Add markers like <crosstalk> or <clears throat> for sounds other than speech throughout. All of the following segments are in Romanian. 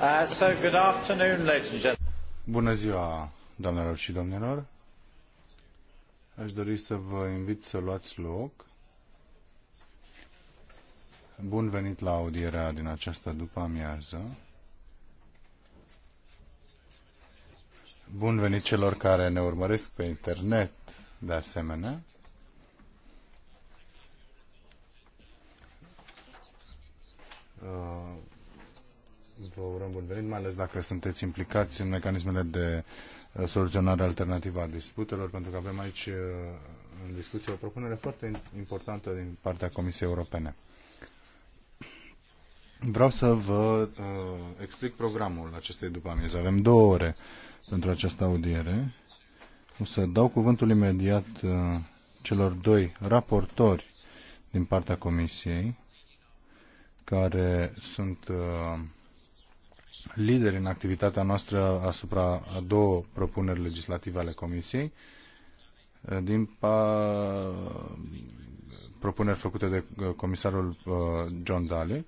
Uh, Bună ziua, doamnelor și domnilor. Aș dori să vă invit să luați loc. Bun venit la audierea din această după amiază. Bun venit celor care ne urmăresc pe internet, de asemenea. Uh, vă urăm bun venit, mai ales dacă sunteți implicați în mecanismele de uh, soluționare alternativă a disputelor, pentru că avem aici uh, în discuție o propunere foarte importantă din partea Comisiei Europene. Vreau să vă uh, explic programul acestei după amiază. Avem două ore pentru această audiere. O să dau cuvântul imediat uh, celor doi raportori din partea Comisiei, care sunt uh, lideri în activitatea noastră asupra a două propuneri legislative ale Comisiei, din pa... propuneri făcute de uh, comisarul uh, John Daly,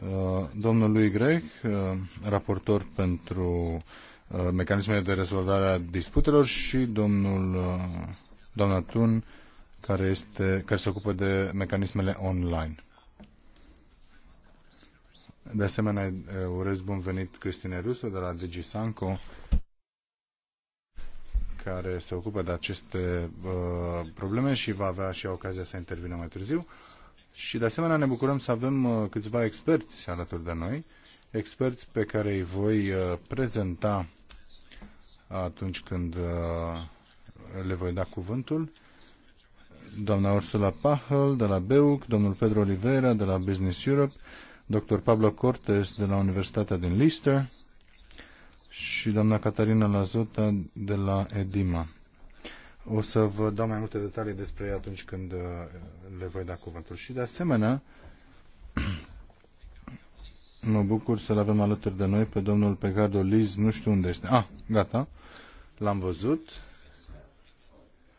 uh, domnul lui Greg, raportor pentru mecanismele de rezolvare a disputelor și domnul doamna Tun, care, este, care se ocupă de mecanismele online. De asemenea, eh, urez bun venit Cristine Rusă de la Sanco, care se ocupă de aceste uh, probleme și va avea și ocazia să intervină mai târziu. Și de asemenea ne bucurăm să avem uh, câțiva experți alături de noi, experți pe care îi voi uh, prezenta atunci când uh, le voi da cuvântul. Doamna Ursula Pahel de la BEUC, domnul Pedro Oliveira de la Business Europe, uh, dr. Pablo Cortes de la Universitatea din Leicester și doamna Catarina Lazota de la Edima. O să vă dau mai multe detalii despre ei atunci când uh, le voi da cuvântul. Și de asemenea, <clears throat> mă bucur să-l avem alături de noi pe domnul Pegardo Liz, nu știu unde este. Ah, gata, l-am văzut.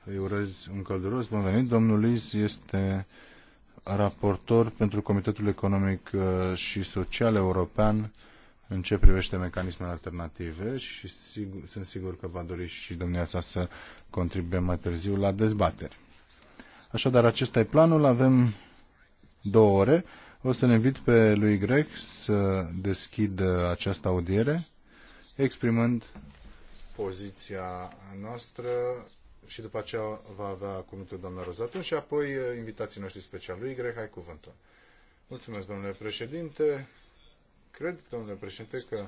Îi urez un călduros bun venit. Domnul Liz este uh, raportor pentru Comitetul Economic uh, și Social European în ce privește mecanismele alternative și sigur, sunt sigur că va dori și domnia sa să contribuie mai târziu la dezbateri. Așadar, acesta e planul, avem două ore. O să ne invit pe lui Greg să deschidă această audiere, exprimând poziția noastră și după aceea va avea cuvântul doamna Rozatun și apoi eh, invitații noștri special. Lui Y, ai cuvântul. Mulțumesc, domnule președinte. Cred, domnule președinte, că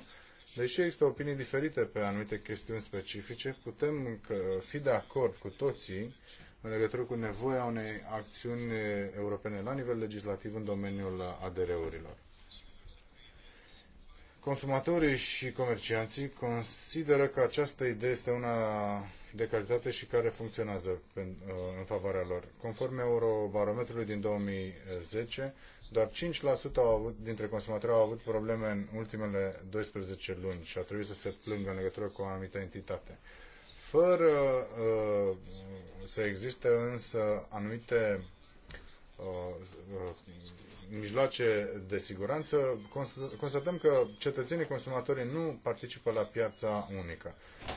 deși există opinii diferite pe anumite chestiuni specifice, putem fi de acord cu toții în legătură cu nevoia unei acțiuni europene la nivel legislativ în domeniul ADR-urilor. Consumatorii și comercianții consideră că această idee este una de calitate și care funcționează în, uh, în favoarea lor. Conform Eurobarometrului din 2010, doar 5% au avut, dintre consumatori au avut probleme în ultimele 12 luni și a trebuit să se plângă în legătură cu o anumită entitate. Fără uh, să existe însă anumite Uh, uh, mijloace de siguranță, constatăm că cetățenii consumatorii nu participă la piața unică.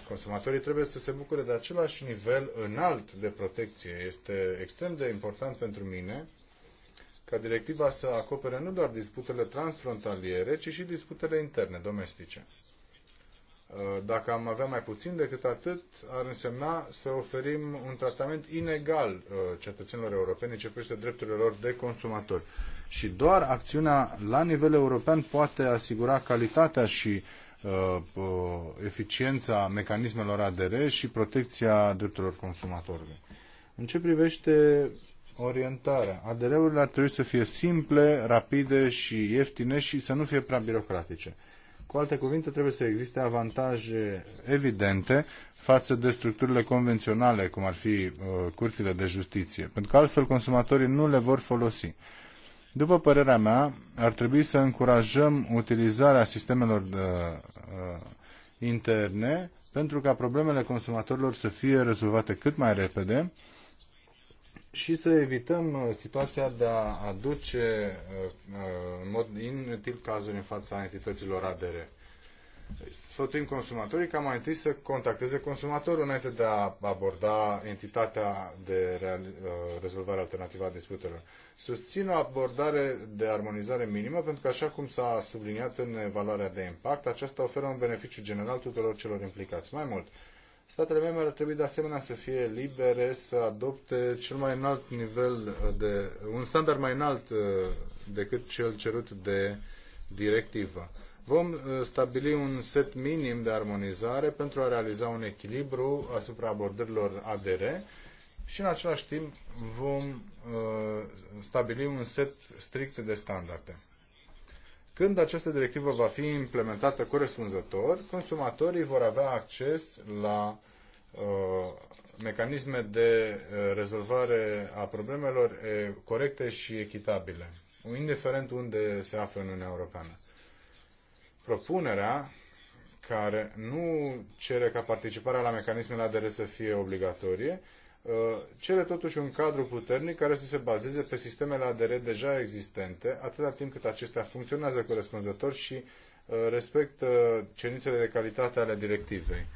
Consumatorii trebuie să se bucure de același nivel înalt de protecție. Este extrem de important pentru mine ca directiva să acopere nu doar disputele transfrontaliere, ci și disputele interne, domestice. Uh, dacă am avea mai puțin decât atât, ar însemna să oferim un tratament inegal uh, cetățenilor europeni în ce privește drepturile lor de consumatori. Și doar acțiunea la nivel european poate asigura calitatea și uh, eficiența mecanismelor ADR și protecția drepturilor consumatorilor. În ce privește orientarea, ADR-urile ar trebui să fie simple, rapide și ieftine și să nu fie prea birocratice cu alte cuvinte, trebuie să existe avantaje evidente față de structurile convenționale, cum ar fi uh, curțile de justiție, pentru că altfel consumatorii nu le vor folosi. După părerea mea, ar trebui să încurajăm utilizarea sistemelor de, uh, interne pentru ca problemele consumatorilor să fie rezolvate cât mai repede și să evităm uh, situația de a aduce uh, uh, în mod inutil cazuri în fața entităților ADR. Sfătuim consumatorii ca mai întâi să contacteze consumatorul înainte de a aborda entitatea de rezolvare alternativă a disputelor. Susțin o abordare de armonizare minimă pentru că, așa cum s-a subliniat în evaluarea de impact, aceasta oferă un beneficiu general tuturor celor implicați. Mai mult, Statele membre ar trebui de asemenea să fie libere să adopte cel mai înalt nivel de un standard mai înalt uh, decât cel cerut de directivă. Vom uh, stabili un set minim de armonizare pentru a realiza un echilibru asupra abordărilor ADR și în același timp vom uh, stabili un set strict de standarde. Când această directivă va fi implementată corespunzător, consumatorii vor avea acces la uh, mecanisme de uh, rezolvare a problemelor corecte și echitabile, indiferent unde se află în Uniunea Europeană. Propunerea care nu cere ca participarea la mecanismele ADR să fie obligatorie, Uh, cere totuși un cadru puternic care să se bazeze pe sistemele ADR deja existente, atâta timp cât acestea funcționează corespunzător și uh, respectă cerințele de calitate ale directivei.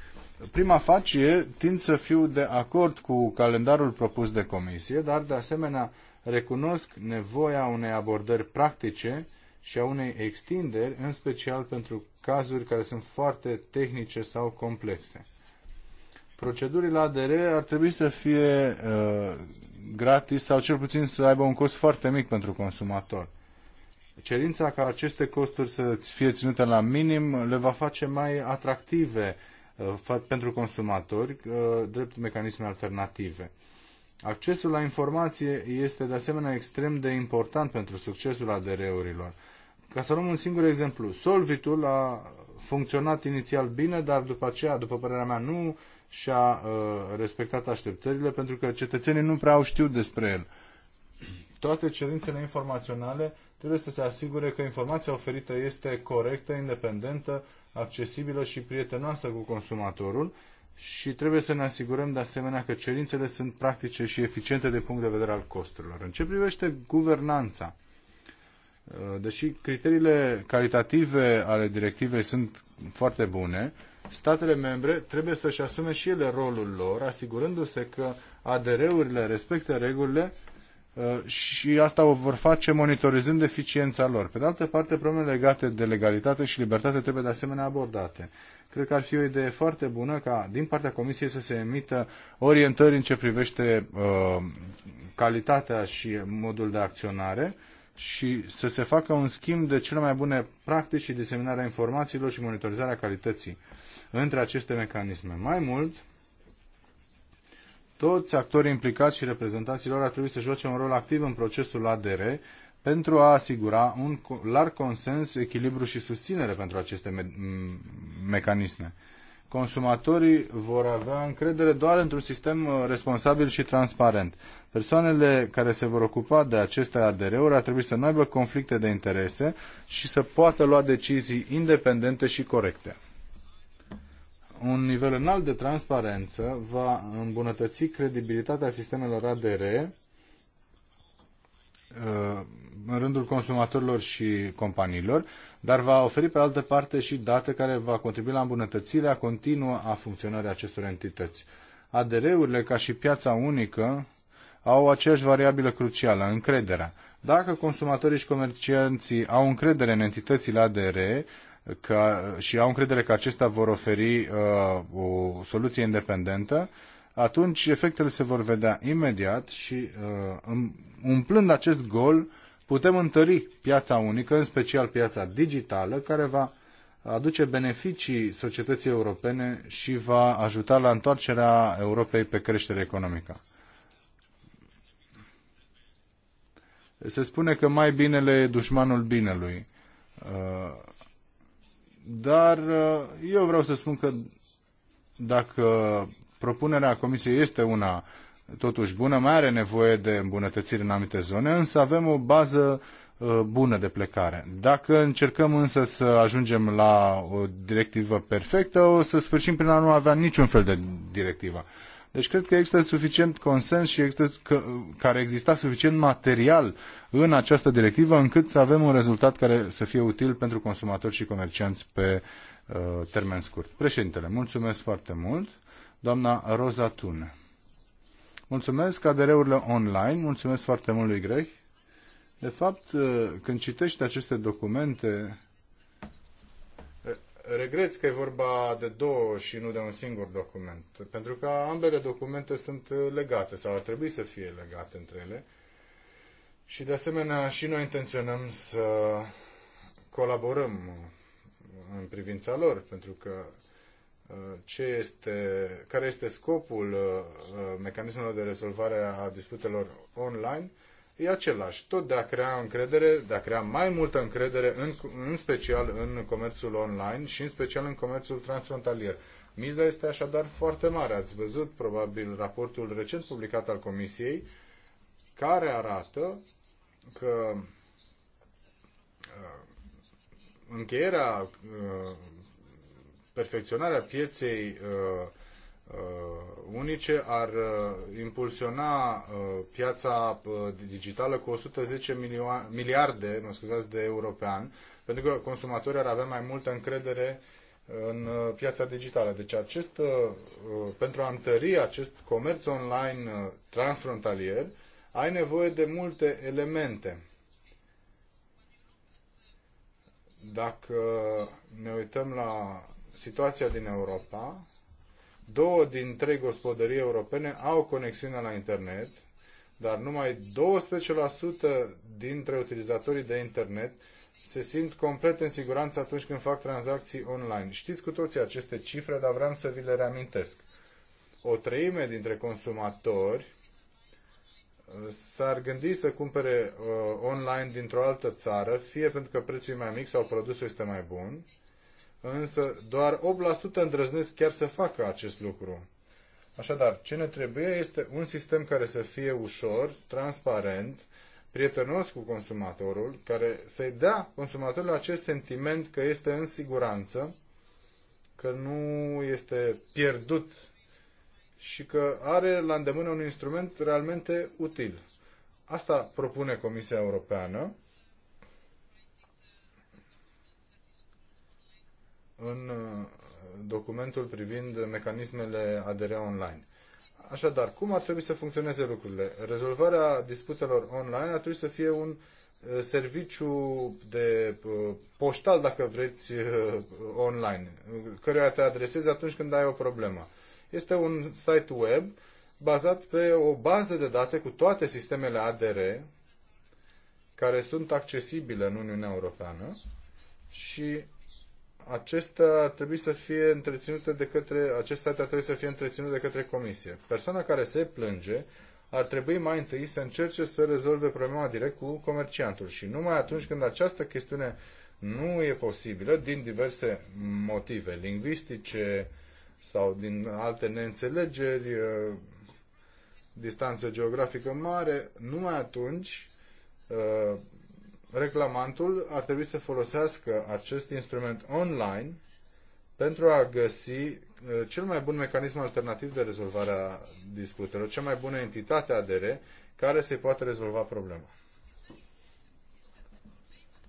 Prima facie tind să fiu de acord cu calendarul propus de comisie, dar de asemenea recunosc nevoia unei abordări practice și a unei extinderi, în special pentru cazuri care sunt foarte tehnice sau complexe procedurile ADR ar trebui să fie uh, gratis sau cel puțin să aibă un cost foarte mic pentru consumator. Cerința ca aceste costuri să fie ținute la minim le va face mai atractive uh, pentru consumatori, uh, drept mecanisme alternative. Accesul la informație este de asemenea extrem de important pentru succesul ADR-urilor. Ca să luăm un singur exemplu, Solvitul a funcționat inițial bine, dar după aceea, după părerea mea, nu și a uh, respectat așteptările, pentru că cetățenii nu prea au știut despre el. Toate cerințele informaționale trebuie să se asigure că informația oferită este corectă, independentă, accesibilă și prietenoasă cu consumatorul și trebuie să ne asigurăm de asemenea că cerințele sunt practice și eficiente din punct de vedere al costurilor. În ce privește guvernanța, uh, deși criteriile calitative ale directivei sunt foarte bune, statele membre trebuie să-și asume și ele rolul lor, asigurându-se că ADR-urile respectă regulile uh, și asta o vor face monitorizând eficiența lor. Pe de altă parte, problemele legate de legalitate și libertate trebuie de asemenea abordate. Cred că ar fi o idee foarte bună ca din partea Comisiei să se emită orientări în ce privește uh, calitatea și modul de acționare și să se facă un schimb de cele mai bune practici și diseminarea informațiilor și monitorizarea calității între aceste mecanisme. Mai mult, toți actorii implicați și reprezentanții lor ar trebui să joace un rol activ în procesul ADR pentru a asigura un larg consens, echilibru și susținere pentru aceste me mecanisme. Consumatorii vor avea încredere doar într-un sistem uh, responsabil și transparent. Persoanele care se vor ocupa de aceste ADR-uri ar trebui să nu aibă conflicte de interese și să poată lua decizii independente și corecte. Un nivel înalt de transparență va îmbunătăți credibilitatea sistemelor ADR uh, în rândul consumatorilor și companiilor, dar va oferi pe altă parte și date care va contribui la îmbunătățirea continuă a funcționării acestor entități. ADR-urile, ca și piața unică, au aceeași variabilă crucială, încrederea. Dacă consumatorii și comercianții au încredere în entitățile ADR, că, și au încredere că acestea vor oferi uh, o soluție independentă, atunci efectele se vor vedea imediat și uh, umplând acest gol putem întări piața unică, în special piața digitală, care va aduce beneficii societății europene și va ajuta la întoarcerea Europei pe creștere economică. Se spune că mai binele e dușmanul binelui. Uh, dar uh, eu vreau să spun că dacă propunerea Comisiei este una totuși bună, mai are nevoie de îmbunătățiri în anumite zone, însă avem o bază uh, bună de plecare. Dacă încercăm însă să ajungem la o directivă perfectă, o să sfârșim prin a nu avea niciun fel de directivă. Deci cred că există suficient consens și există că, care exista suficient material în această directivă încât să avem un rezultat care să fie util pentru consumatori și comercianți pe uh, termen scurt. Președintele, mulțumesc foarte mult. Doamna Roza Tune. Mulțumesc adereurile online, mulțumesc foarte mult lui Greg. De fapt, uh, când citești aceste documente, Regret că e vorba de două și nu de un singur document, pentru că ambele documente sunt legate sau ar trebui să fie legate între ele. Și de asemenea și noi intenționăm să colaborăm în privința lor, pentru că uh, ce este, care este scopul uh, uh, mecanismelor de rezolvare a disputelor online e același, tot de a crea încredere, de a crea mai multă încredere, în, în special în comerțul online și în special în comerțul transfrontalier. Miza este așadar foarte mare. Ați văzut probabil raportul recent publicat al Comisiei, care arată că uh, încheierea, uh, perfecționarea pieței uh, Uh, unice ar uh, impulsiona uh, piața digitală cu 110 miliarde mă scuzați, de euro pe an, pentru că consumatorii ar avea mai multă încredere în piața digitală. Deci acest, pentru a întări acest comerț online transfrontalier, ai nevoie de multe elemente. Dacă ne uităm la situația din Europa, Două din trei gospodării europene au conexiune la internet, dar numai 12% dintre utilizatorii de internet se simt complet în siguranță atunci când fac tranzacții online. Știți cu toții aceste cifre, dar vreau să vi le reamintesc. O treime dintre consumatori uh, s-ar gândi să cumpere uh, online dintr-o altă țară, fie pentru că prețul e mai mic sau produsul este mai bun, însă doar 8% îndrăznesc chiar să facă acest lucru. Așadar, ce ne trebuie este un sistem care să fie ușor, transparent, prietenos cu consumatorul, care să-i dea consumatorului acest sentiment că este în siguranță, că nu este pierdut și că are la îndemână un instrument realmente util. Asta propune Comisia Europeană în uh, documentul privind mecanismele ADR online. Așadar, cum ar trebui să funcționeze lucrurile? Rezolvarea disputelor online ar trebui să fie un uh, serviciu de uh, poștal, dacă vreți, online, căruia te adresezi atunci când ai o problemă. Este un site web bazat pe o bază de date cu toate sistemele ADR care sunt accesibile în Uniunea Europeană și acesta ar trebui să fie întreținută de către, acest site ar trebui să fie întreținut de către comisie. Persoana care se plânge ar trebui mai întâi să încerce să rezolve problema direct cu comerciantul și numai atunci când această chestiune nu e posibilă, din diverse motive lingvistice sau din alte neînțelegeri, uh, distanță geografică mare, numai atunci uh, reclamantul ar trebui să folosească acest instrument online pentru a găsi uh, cel mai bun mecanism alternativ de rezolvare a disputelor, cea mai bună entitate ADR care să-i poată rezolva problema.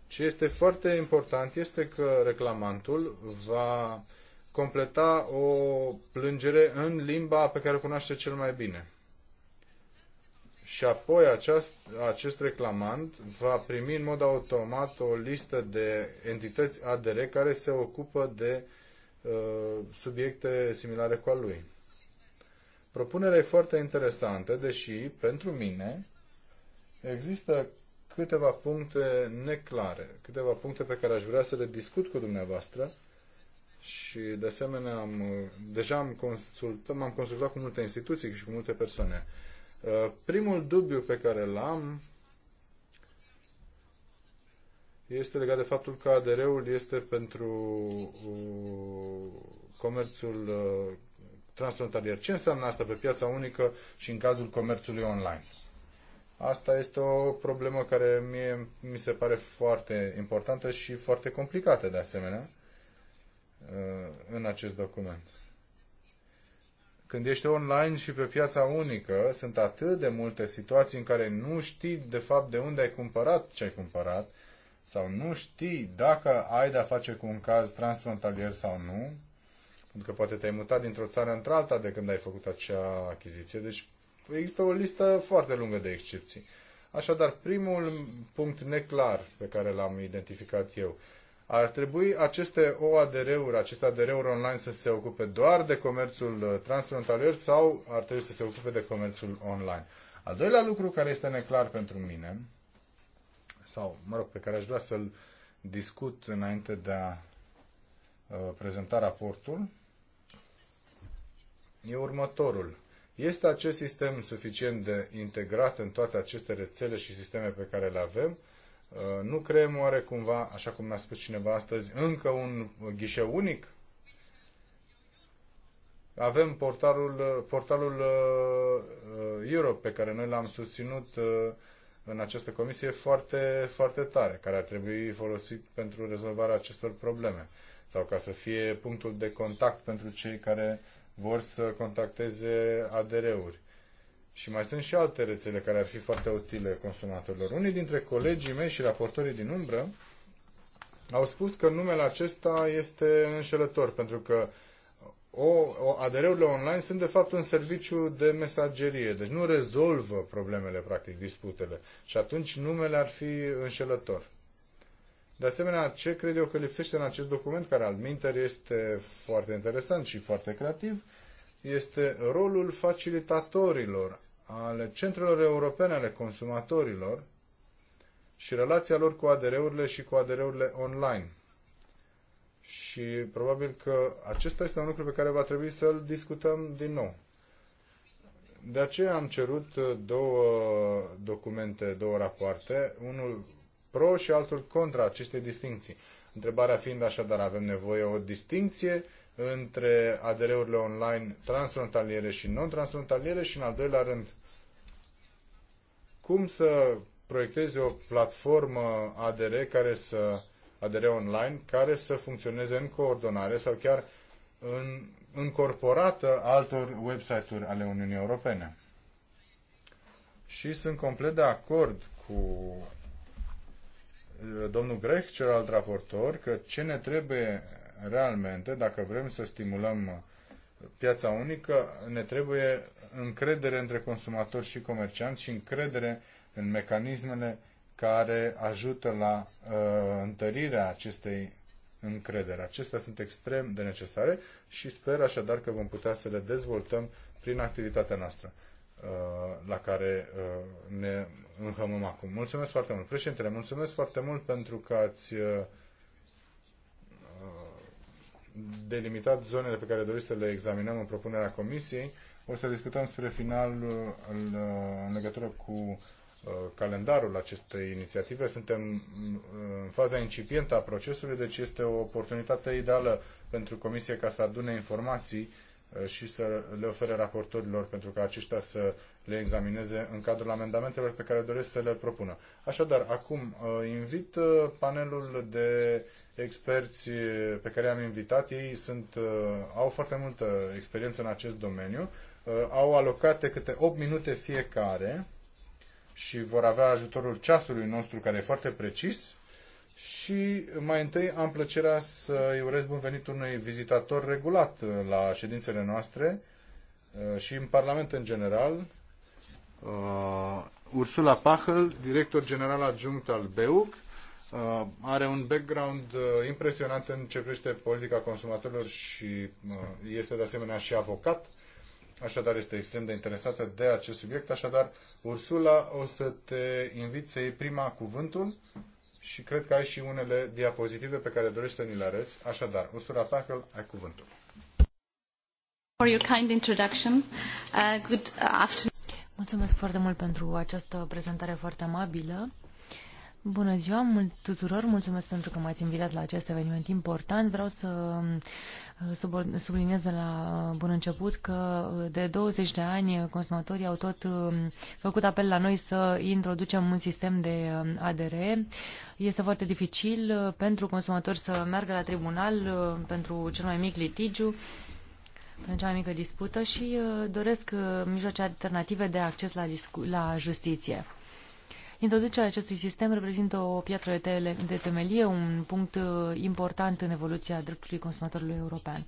Ce este foarte important este că reclamantul va completa o plângere în limba pe care o cunoaște cel mai bine și apoi aceast, acest reclamant va primi în mod automat o listă de entități ADR care se ocupă de uh, subiecte similare cu al lui. Propunerea e foarte interesantă, deși, pentru mine, există câteva puncte neclare, câteva puncte pe care aș vrea să le discut cu dumneavoastră și, de asemenea, am, deja am consultat, m-am consultat cu multe instituții și cu multe persoane. Uh, Uh, primul dubiu pe care l am este legat de faptul că ADR-ul este pentru uh, comerțul uh, transfrontalier. Ce înseamnă asta pe piața unică și în cazul comerțului online? Asta este o problemă care mie mi se pare foarte importantă și foarte complicată de asemenea în acest document. Când ești online și pe piața unică, sunt atât de multe situații în care nu știi de fapt de unde ai cumpărat ce ai cumpărat sau nu știi dacă ai de-a face cu un caz transfrontalier sau nu, pentru că poate te-ai mutat dintr-o țară într-alta de când ai făcut acea achiziție. Deci există o listă foarte lungă de excepții. Așadar, primul punct neclar pe care l-am identificat eu, ar trebui aceste OADR-uri, aceste ADR-uri online să se ocupe doar de comerțul uh, transfrontalier sau ar trebui să se ocupe de comerțul online? Al doilea lucru care este neclar pentru mine, sau, mă rog, pe care aș vrea să-l discut înainte de a uh, prezenta raportul, e următorul. Este acest sistem suficient de integrat în toate aceste rețele și sisteme pe care le avem Uh, nu creăm oare cumva, așa cum ne-a spus cineva astăzi, încă un ghișeu unic? Avem portalul, portalul uh, uh, Europe pe care noi l-am susținut în această comisie foarte, foarte tare, care ar trebui folosit pentru rezolvarea acestor probleme sau ca să fie punctul de contact pentru cei care vor să contacteze ADR-uri. Și mai sunt și alte rețele care ar fi foarte utile consumatorilor. Unii dintre colegii mei și raportorii din umbră au spus că numele acesta este înșelător, pentru că o, o, ADR-urile online sunt de fapt un serviciu de mesagerie, deci nu rezolvă problemele, practic, disputele. Și atunci numele ar fi înșelător. De asemenea, ce cred eu că lipsește în acest document, care al minter este foarte interesant și foarte creativ, este rolul facilitatorilor ale centrelor europene ale consumatorilor și relația lor cu ADR-urile și cu ADR-urile online. Și probabil că acesta este un lucru pe care va trebui să-l discutăm din nou. De aceea am cerut uh, două documente, două rapoarte, unul pro și altul contra acestei distinții. Întrebarea fiind așadar, avem nevoie o distinție între ADR-urile online transfrontaliere și non-transfrontaliere și, în al doilea rând, cum să proiecteze o platformă ADR care să ADR online care să funcționeze în coordonare sau chiar în, încorporată altor website-uri ale Uniunii Europene. Și sunt complet de acord cu uh, domnul Grech, celălalt raportor, că ce ne trebuie realmente, dacă vrem să stimulăm uh, piața unică, ne trebuie încredere între consumatori și comercianți și încredere în mecanismele care ajută la uh, întărirea acestei încredere. Acestea sunt extrem de necesare și sper așadar că vom putea să le dezvoltăm prin activitatea noastră uh, la care uh, ne înhămăm acum. Mulțumesc foarte mult, președintele, mulțumesc foarte mult pentru că ați uh, delimitat zonele pe care doriți să le examinăm în propunerea comisiei. O să discutăm spre final uh, în legătură cu uh, calendarul acestei inițiative. Suntem uh, în faza incipientă a procesului, deci este o oportunitate ideală pentru Comisie ca să adune informații și să le ofere raportorilor pentru ca aceștia să le examineze în cadrul amendamentelor pe care doresc să le propună. Așadar, acum uh, invit uh, panelul de experți uh, pe care am invitat. Ei sunt, au foarte multă experiență în acest domeniu. Au alocate câte 8 minute fiecare și vor avea ajutorul ceasului nostru care e foarte precis. Și mai întâi am plăcerea să îi urez bun venit unui vizitator regulat la ședințele noastre și în Parlament în general, Uh, Ursula Pachel, director general adjunct al BEUC, uh, are un background uh, impresionant în ce privește politica consumatorilor și uh, este de asemenea și avocat, așadar este extrem de interesată de acest subiect. Așadar, Ursula, o să te invit să iei prima cuvântul și cred că ai și unele diapozitive pe care dorești să ni le arăți. Așadar, Ursula Pachel, ai cuvântul. For your kind introduction. Uh, good uh, afternoon. Mulțumesc foarte mult pentru această prezentare foarte amabilă. Bună ziua mult tuturor, mulțumesc pentru că m-ați invitat la acest eveniment important. Vreau să uh, subliniez de la uh, bun început că uh, de 20 de ani consumatorii au tot um, făcut apel la noi să introducem un sistem de um, ADR. Este foarte dificil pentru consumatori să meargă la tribunal pentru cel mai mic litigiu în cea mai mică dispută și uh, doresc uh, mijloace alternative de acces la, la justiție. Introducerea acestui sistem reprezintă o piatră de, de temelie, un punct uh, important în evoluția dreptului consumatorului european.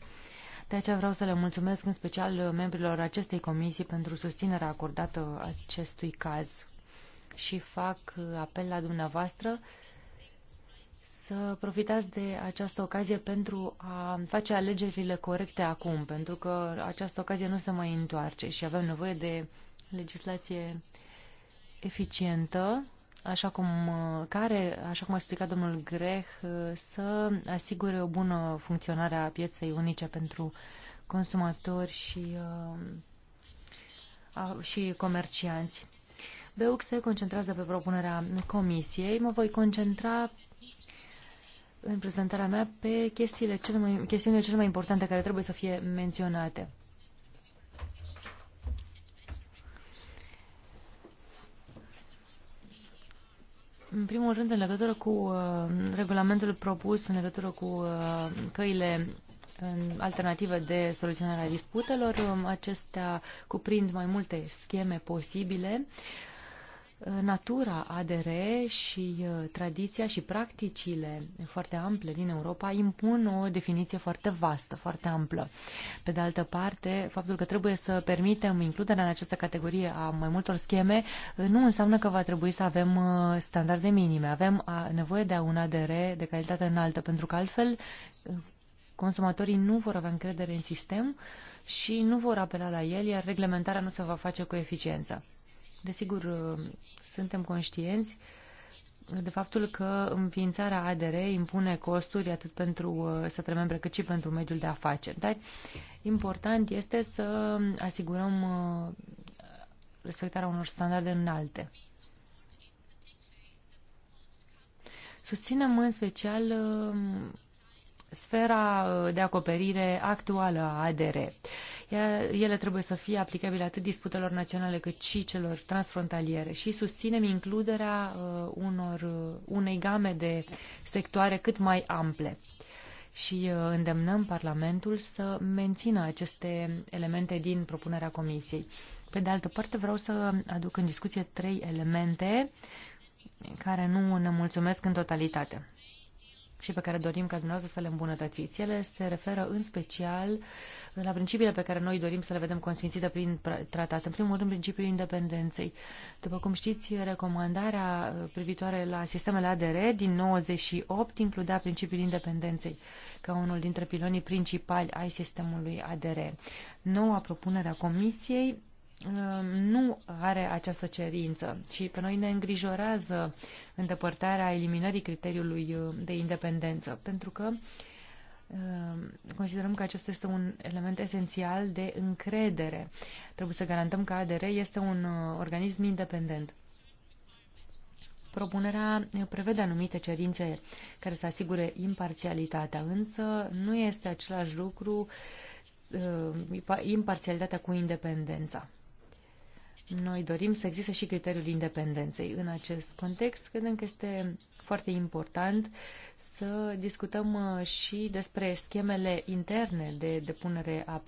De aceea vreau să le mulțumesc în special membrilor acestei comisii pentru susținerea acordată acestui caz și fac apel la dumneavoastră uh, să profitați de această ocazie pentru a face alegerile corecte acum, pentru că această ocazie nu se mai întoarce și avem nevoie de legislație eficientă, așa cum, care, așa cum a explicat domnul Greh, să asigure o bună funcționare a pieței unice pentru consumatori și, uh, și comercianți. Beuc se concentrează pe propunerea comisiei. Mă voi concentra în prezentarea mea pe chestiile cele mai, chestiunile cele mai importante care trebuie să fie menționate. În primul rând, în legătură cu uh, regulamentul propus în legătură cu uh, căile alternative de soluționare a disputelor, um, acestea cuprind mai multe scheme posibile. Uh, natura ADR și uh, tradiția și practicile foarte ample din Europa impun o definiție foarte vastă, foarte amplă. Pe de altă parte, faptul că trebuie să permitem includerea în această categorie a mai multor scheme uh, nu înseamnă că va trebui să avem uh, standarde minime. Avem nevoie de un ADR de calitate înaltă, pentru că altfel consumatorii nu vor avea încredere în sistem și nu vor apela la el, iar reglementarea nu se va face cu eficiență. Desigur, suntem conștienți de faptul că înființarea ADR impune costuri atât pentru uh, statele membre cât și pentru mediul de afaceri. Dar important este să asigurăm uh, respectarea unor standarde înalte. Susținem în special uh, sfera de acoperire actuală a ADR ele trebuie să fie aplicabile atât disputelor naționale cât și celor transfrontaliere și susținem includerea uh, unor, uh, unei game de sectoare cât mai ample și uh, îndemnăm Parlamentul să mențină aceste elemente din propunerea Comisiei. Pe de altă parte, vreau să aduc în discuție trei elemente care nu ne mulțumesc în totalitate și pe care dorim ca dumneavoastră să le îmbunătățiți. Ele se referă în special la principiile pe care noi dorim să le vedem consfințite prin tratat. În primul rând, principiul independenței. După cum știți, recomandarea privitoare la sistemele ADR din 98 includea principiul independenței ca unul dintre pilonii principali ai sistemului ADR. Noua propunere a Comisiei Um, nu are această cerință și pe noi ne îngrijorează îndepărtarea eliminării criteriului uh, de independență, pentru că um, considerăm că acesta este un element esențial de încredere. Trebuie să garantăm că ADR este un uh, organism independent. Propunerea prevede anumite cerințe care să asigure imparțialitatea, însă nu este același lucru uh, imparțialitatea cu independența. Noi dorim să existe și criteriul independenței. În acest context, credem că este foarte important să discutăm uh, și despre schemele interne de depunere a,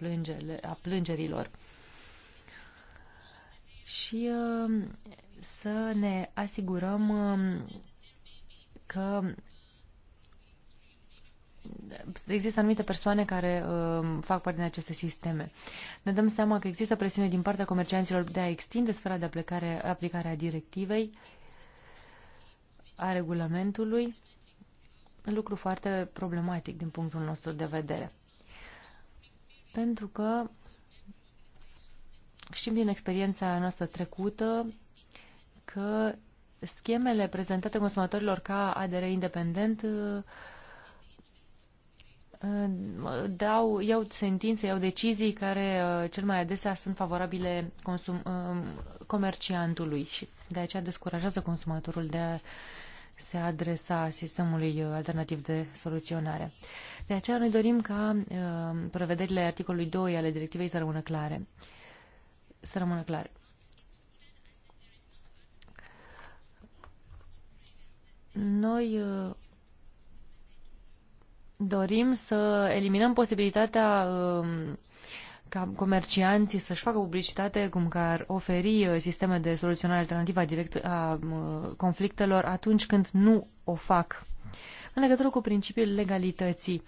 a plângerilor și uh, să ne asigurăm uh, că există anumite persoane care uh, fac parte din aceste sisteme. Ne dăm seama că există presiune din partea comercianților de a extinde sfera de aplicare, aplicare a directivei, a regulamentului, lucru foarte problematic din punctul nostru de vedere. Pentru că știm din experiența noastră trecută că schemele prezentate consumatorilor ca ADR independent uh, dau, iau sentințe, iau decizii care uh, cel mai adesea sunt favorabile consum, um, comerciantului și de aceea descurajează consumatorul de a se adresa sistemului uh, alternativ de soluționare. De aceea noi dorim ca uh, prevederile articolului 2 ale directivei să rămână clare. Să rămână clare. Noi dorim să eliminăm posibilitatea um, ca comercianții să-și facă publicitate cum că ar oferi uh, sisteme de soluționare alternativă direct a uh, conflictelor atunci când nu o fac. În legătură cu principiul legalității,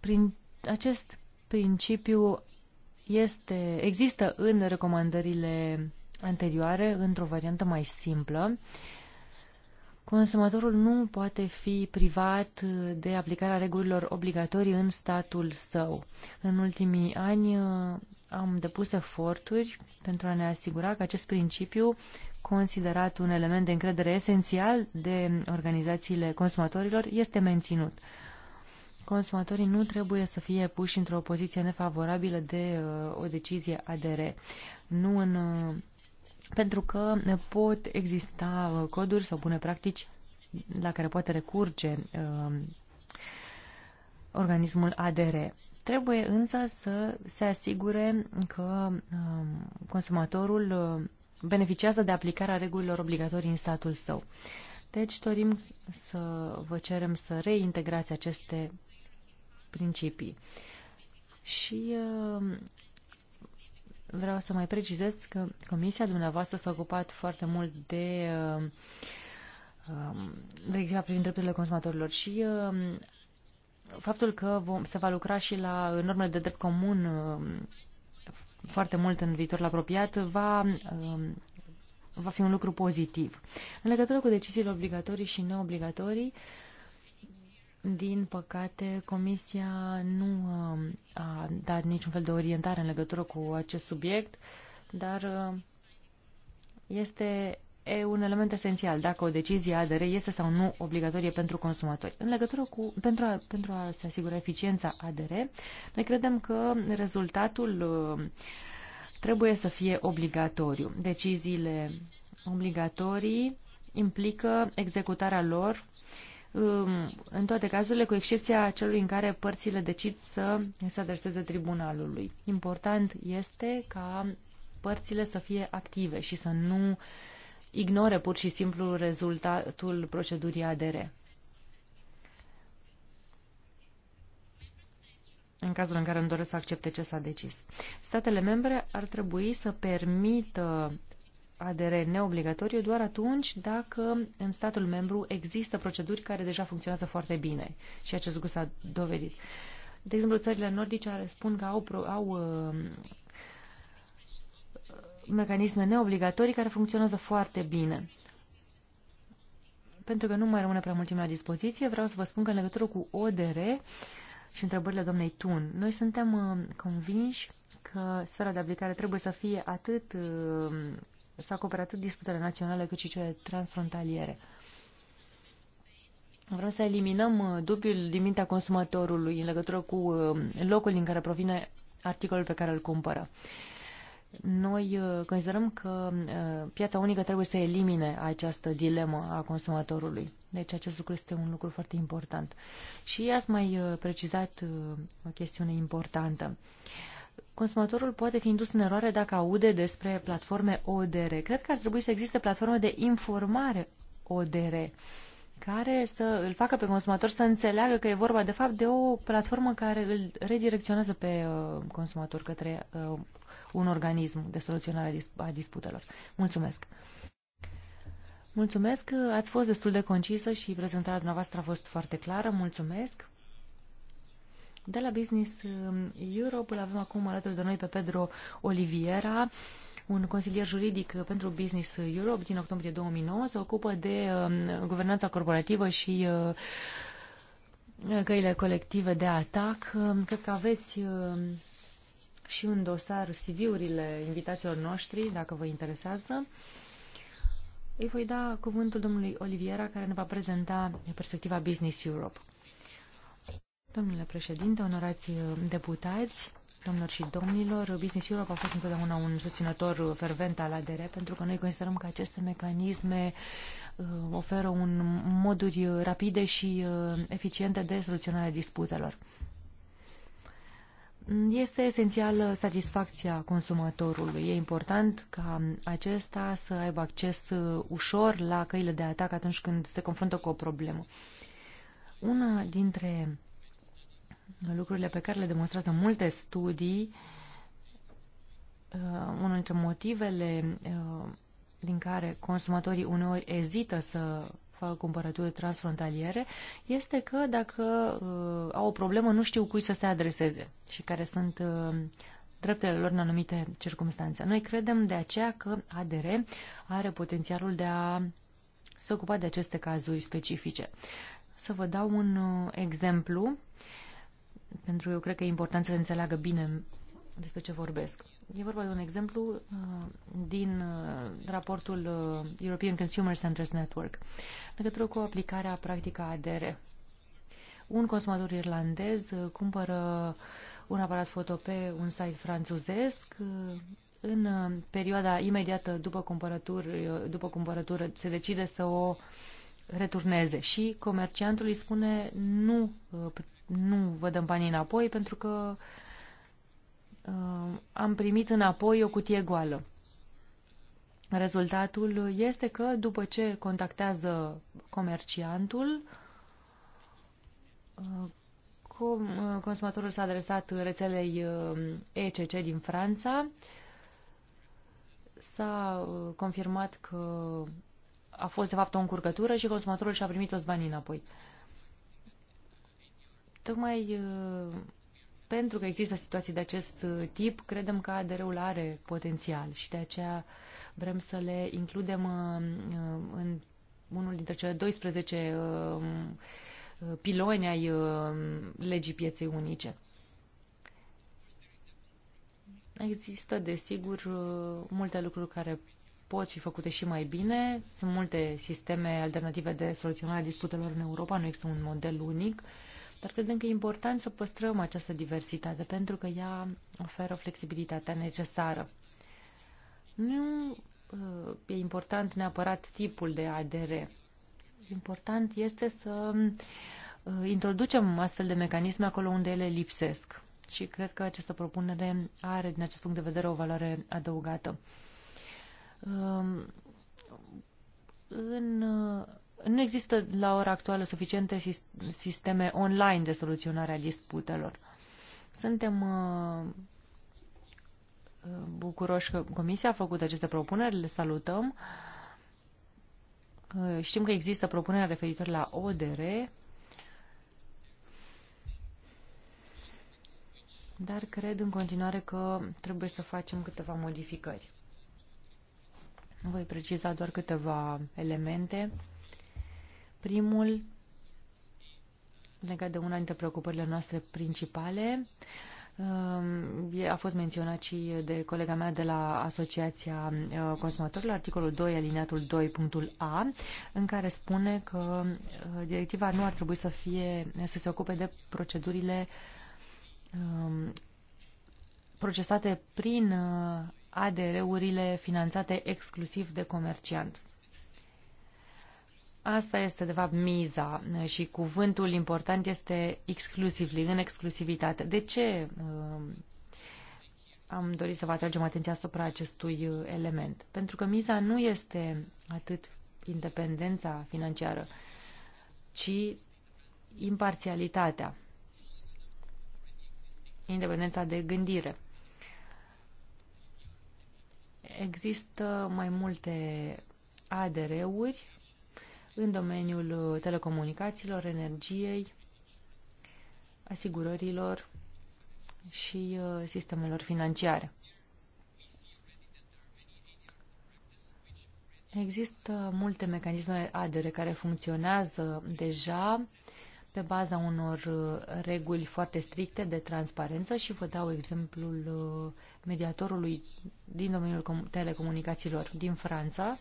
prin acest principiu este, există în recomandările anterioare într-o variantă mai simplă. Uh, Consumatorul nu poate fi privat de aplicarea regulilor obligatorii în statul său. În ultimii ani uh, am depus eforturi pentru a ne asigura că acest principiu, considerat un element de încredere esențial de organizațiile consumatorilor, este menținut. Consumatorii nu trebuie să fie puși într-o poziție nefavorabilă de uh, o decizie ADR. Nu în uh, pentru că pot exista uh, coduri sau bune practici la care poate recurge uh, organismul ADR. Trebuie însă să se asigure că uh, consumatorul uh, beneficiază de aplicarea regulilor obligatorii în statul său. Deci dorim să vă cerem să reintegrați aceste principii. Și uh, vreau să mai precizez că comisia dumneavoastră s-a ocupat foarte mult de um, um, directiva privind drepturile consumatorilor și um, faptul că vom, se va lucra și la normele de drept comun foarte mult în viitorul apropiat va, va fi un lucru pozitiv. În legătură cu deciziile obligatorii și neobligatorii, din păcate, Comisia nu um, a dat niciun fel de orientare în legătură cu acest subiect, dar um, este e un element esențial dacă o decizie ADR este sau nu obligatorie pentru consumatori. În legătură cu, pentru, a, pentru a se asigura eficiența ADR, noi credem că rezultatul um, trebuie să fie obligatoriu. Deciziile obligatorii implică executarea lor Um, în toate cazurile, cu excepția celui în care părțile decid să se adreseze tribunalului. Important este ca părțile să fie active și să nu ignore pur și simplu rezultatul procedurii ADR. în cazul în care îmi doresc să accepte ce s-a decis. Statele membre ar trebui să permită ADR neobligatoriu doar atunci dacă în statul membru există proceduri care deja funcționează foarte bine și acest lucru s-a dovedit. De exemplu, țările nordice spun că au, au uh, mecanisme neobligatorii care funcționează foarte bine. Pentru că nu mai rămâne prea mult timp la dispoziție, vreau să vă spun că în legătură cu ODR și întrebările doamnei Tun, noi suntem uh, convinși că sfera de aplicare trebuie să fie atât uh, s acopere atât disputele naționale cât și cele transfrontaliere. Vrem să eliminăm uh, dubiul din mintea consumatorului în legătură cu uh, locul din care provine articolul pe care îl cumpără. Noi uh, considerăm că piața unică trebuie să elimine această dilemă a consumatorului. Deci acest lucru este un lucru foarte important. Și ați mai precizat o chestiune importantă consumatorul poate fi indus în eroare dacă aude despre platforme ODR. Cred că ar trebui să existe platforme de informare ODR care să îl facă pe consumator să înțeleagă că e vorba de fapt de o platformă care îl redirecționează pe uh, consumator către uh, un organism de soluționare a, a disputelor. Mulțumesc! Mulțumesc, uh, ați fost destul de concisă și prezentarea dumneavoastră a fost foarte clară. Mulțumesc! De la Business um, Europe îl avem acum alături de noi pe Pedro Oliviera, un consilier juridic pentru Business Europe din octombrie 2009. Se ocupă de um, guvernanța corporativă și uh, căile colective de atac. Um, cred că aveți și un dosar CV-urile invitațiilor noștri, dacă vă interesează. Îi voi da cuvântul domnului Oliviera, care ne va prezenta perspectiva Business Europe. Domnule președinte, onorați uh, deputați, domnilor și domnilor, Business Europe a fost întotdeauna un susținător fervent al ADR pentru că noi considerăm că aceste mecanisme uh, oferă un moduri rapide și uh, eficiente de soluționare disputelor. Este esențială satisfacția consumatorului. E important ca acesta să aibă acces ușor la căile de atac atunci când se confruntă cu o problemă. Una dintre lucrurile pe care le demonstrează multe studii, uh, unul dintre motivele uh, din care consumatorii uneori ezită să facă cumpărături transfrontaliere este că dacă uh, au o problemă nu știu cui să se adreseze și care sunt uh, dreptele lor în anumite circunstanțe. Noi credem de aceea că ADR are potențialul de a se ocupa de aceste cazuri specifice. Să vă dau un uh, exemplu. Uh, pentru că eu cred că e important să înțeleagă bine despre ce vorbesc. E vorba de un exemplu uh, din uh, raportul uh, European Consumer Centers Network, în legătură cu aplicarea practică ADR. Un consumator irlandez cumpără un aparat foto pe un site franțuzesc. În perioada imediată după cumpărătură, după cumpărătură se decide să o returneze și comerciantul îi spune nu nu vă dăm banii înapoi pentru că uh, am primit înapoi o cutie goală. Rezultatul este că după ce contactează comerciantul, uh, uh, consumatorul s-a adresat rețelei uh, ECC din Franța. S-a confirmat că a fost de fapt o încurcătură și consumatorul și-a primit toți banii înapoi. Tocmai uh, pentru că există situații de acest uh, tip, credem că ADR-ul are potențial și de aceea vrem să le includem uh, în unul dintre cele 12 piloni ai legii pieței unice. Există, desigur, multe lucruri care pot fi făcute și mai bine. Sunt multe sisteme alternative de soluționare a disputelor în Europa, nu există un model unic. Uh, dar credem că e important să păstrăm această diversitate, pentru că ea oferă flexibilitatea necesară. Nu uh, e important neapărat tipul de ADR. Important este să uh, introducem astfel de mecanisme acolo unde ele lipsesc. Și cred că această propunere are, din acest punct de vedere, o valoare adăugată. Um, în uh, nu există la ora actuală suficiente sisteme online de soluționare a disputelor. Suntem uh, uh, bucuroși că Comisia a făcut aceste propuneri, le salutăm. Uh, știm că există propunerea referitor la ODR, dar cred în continuare că trebuie să facem câteva modificări. Voi preciza doar câteva elemente. Primul, legat de una dintre preocupările noastre principale, um, a fost menționat și de colega mea de la Asociația uh, Consumatorilor, articolul 2, alineatul 2.a, în care spune că uh, directiva nu ar trebui să, fie, să se ocupe de procedurile um, procesate prin uh, ADR-urile finanțate exclusiv de comerciant. Asta este, de fapt, miza uh, și cuvântul important este exclusively, în exclusivitate. De ce uh, am dorit să vă atragem atenția asupra acestui uh, element? Pentru că miza nu este atât independența financiară, ci imparțialitatea, independența de gândire. Există mai multe ADR-uri în domeniul uh, telecomunicațiilor, energiei, asigurărilor și uh, sistemelor financiare. Există multe mecanisme ADR care funcționează deja pe baza unor uh, reguli foarte stricte de transparență și vă dau exemplul mediatorului din domeniul telecomunicațiilor din Franța,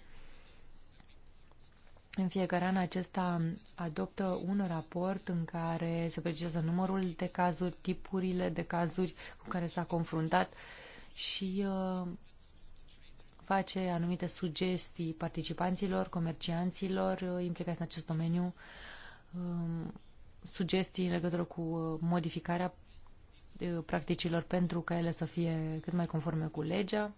în fiecare an acesta adoptă un raport în care se precizează numărul de cazuri, tipurile de cazuri cu care s-a confruntat și uh, face anumite sugestii participanților, comercianților uh, implicați în acest domeniu, um, sugestii în legătură cu uh, modificarea practicilor pentru ca ele să fie cât mai conforme cu legea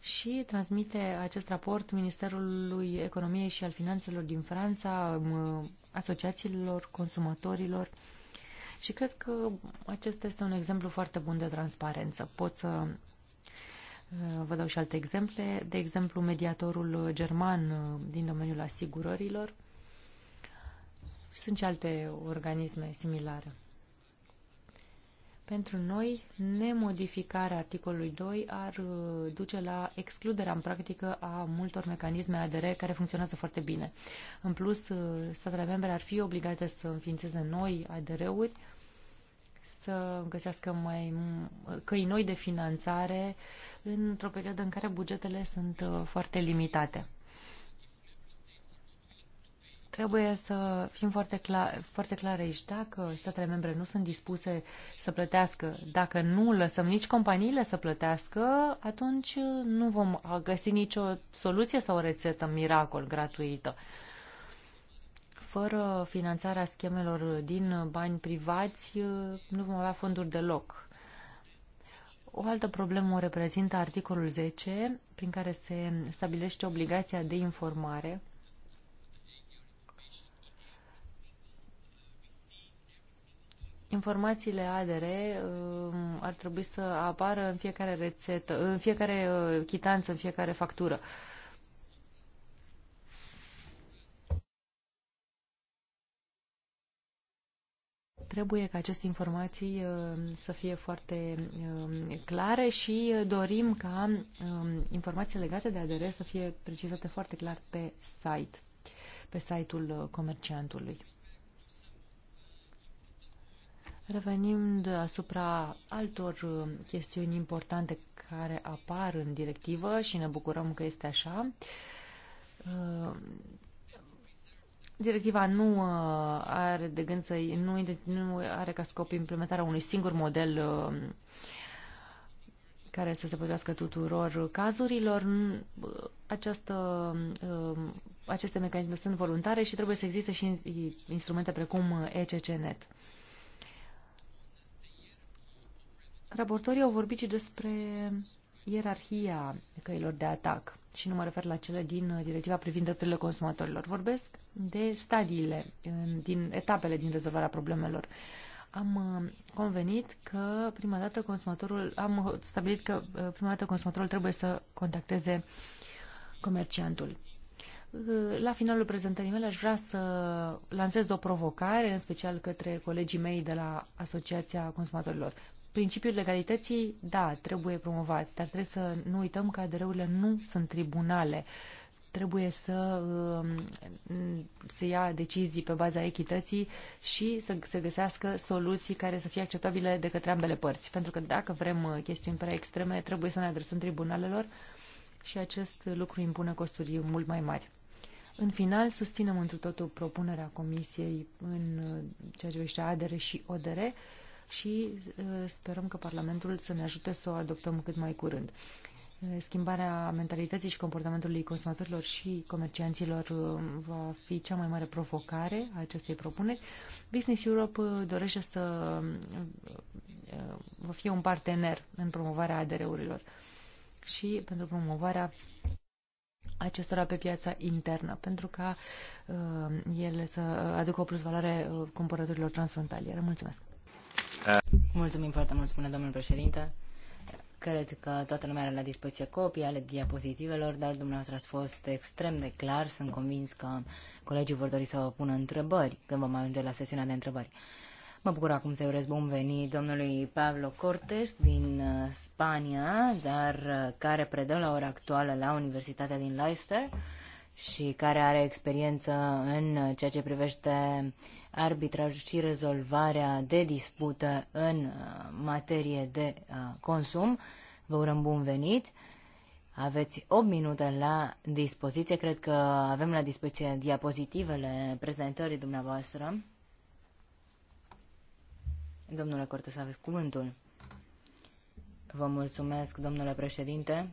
și transmite acest raport Ministerului Economiei și al Finanțelor din Franța, um, asociațiilor consumatorilor și cred că acesta este un exemplu foarte bun de transparență. Pot să uh, vă dau și alte exemple, de exemplu mediatorul german uh, din domeniul asigurărilor. Sunt și alte organisme similare. Pentru noi, nemodificarea articolului 2 ar uh, duce la excluderea în practică a multor mecanisme ADR care funcționează foarte bine. În plus, uh, statele membre ar fi obligate să înființeze noi ADR-uri, să găsească mai căi noi de finanțare într-o perioadă în care bugetele sunt uh, foarte limitate. Trebuie să fim foarte, clar, foarte clare aici. Dacă statele membre nu sunt dispuse să plătească, dacă nu lăsăm nici companiile să plătească, atunci nu vom găsi nicio soluție sau o rețetă miracol gratuită. Fără finanțarea schemelor din bani privați, nu vom avea fonduri deloc. O altă problemă o reprezintă articolul 10, prin care se stabilește obligația de informare informațiile ADR um, ar trebui să apară în fiecare rețetă, în fiecare uh, chitanță, în fiecare factură. Trebuie ca aceste informații uh, să fie foarte um, clare și uh, dorim ca um, informații legate de ADR să fie precizate foarte clar pe site, pe site-ul comerciantului. Revenind asupra altor uh, chestiuni importante care apar în directivă și ne bucurăm că este așa, uh, Directiva nu uh, are de gând să nu, nu are ca scop implementarea unui singur model care să se potrivească tuturor cazurilor. Această, aceste mecanisme sunt voluntare și trebuie să existe și instrumente precum ECCNet. Raportorii au vorbit și despre ierarhia căilor de atac și nu mă refer la cele din directiva privind drepturile consumatorilor. Vorbesc de stadiile, din etapele din rezolvarea problemelor. Am uh, convenit că prima dată consumatorul, am stabilit că uh, prima dată consumatorul trebuie să contacteze comerciantul. Uh, la finalul prezentării mele aș vrea să lansez o provocare, în special către colegii mei de la Asociația Consumatorilor principiul legalității, da, trebuie promovat, dar trebuie să nu uităm că adereurile nu sunt tribunale. Trebuie să um, se ia decizii pe baza echității și să se găsească soluții care să fie acceptabile de către ambele părți. Pentru că dacă vrem uh, chestiuni prea extreme, trebuie să ne adresăm tribunalelor și acest lucru impune costuri mult mai mari. În final, susținem întru totul propunerea Comisiei în uh, ceea ce vește ADR și ODR și uh, sperăm că Parlamentul să ne ajute să o adoptăm cât mai curând. Uh, schimbarea mentalității și comportamentului consumatorilor și comercianților uh, va fi cea mai mare provocare a acestei propuneri. Business Europe dorește să vă fie un partener în promovarea ADR-urilor și pentru promovarea acestora pe piața internă, pentru ca uh, ele să aducă o plusvaloare cumpărătorilor transfrontaliere. Mulțumesc! Mulțumim foarte mult, spune domnul președinte. Cred că toată lumea are la dispoziție copii ale diapozitivelor, dar dumneavoastră ați fost extrem de clar. Sunt convins că colegii vor dori să vă pună întrebări când vom ajunge la sesiunea de întrebări. Mă bucur acum să-i urez bun venit domnului Pablo Cortes din uh, Spania, dar uh, care predă la ora actuală la Universitatea din Leicester și care are experiență în ceea ce privește arbitrajul și rezolvarea de dispută în uh, materie de uh, consum. Vă urăm bun venit! Aveți 8 minute la dispoziție. Cred că avem la dispoziție diapozitivele prezentării dumneavoastră. Domnule Cortes, aveți cuvântul. Vă mulțumesc, domnule președinte.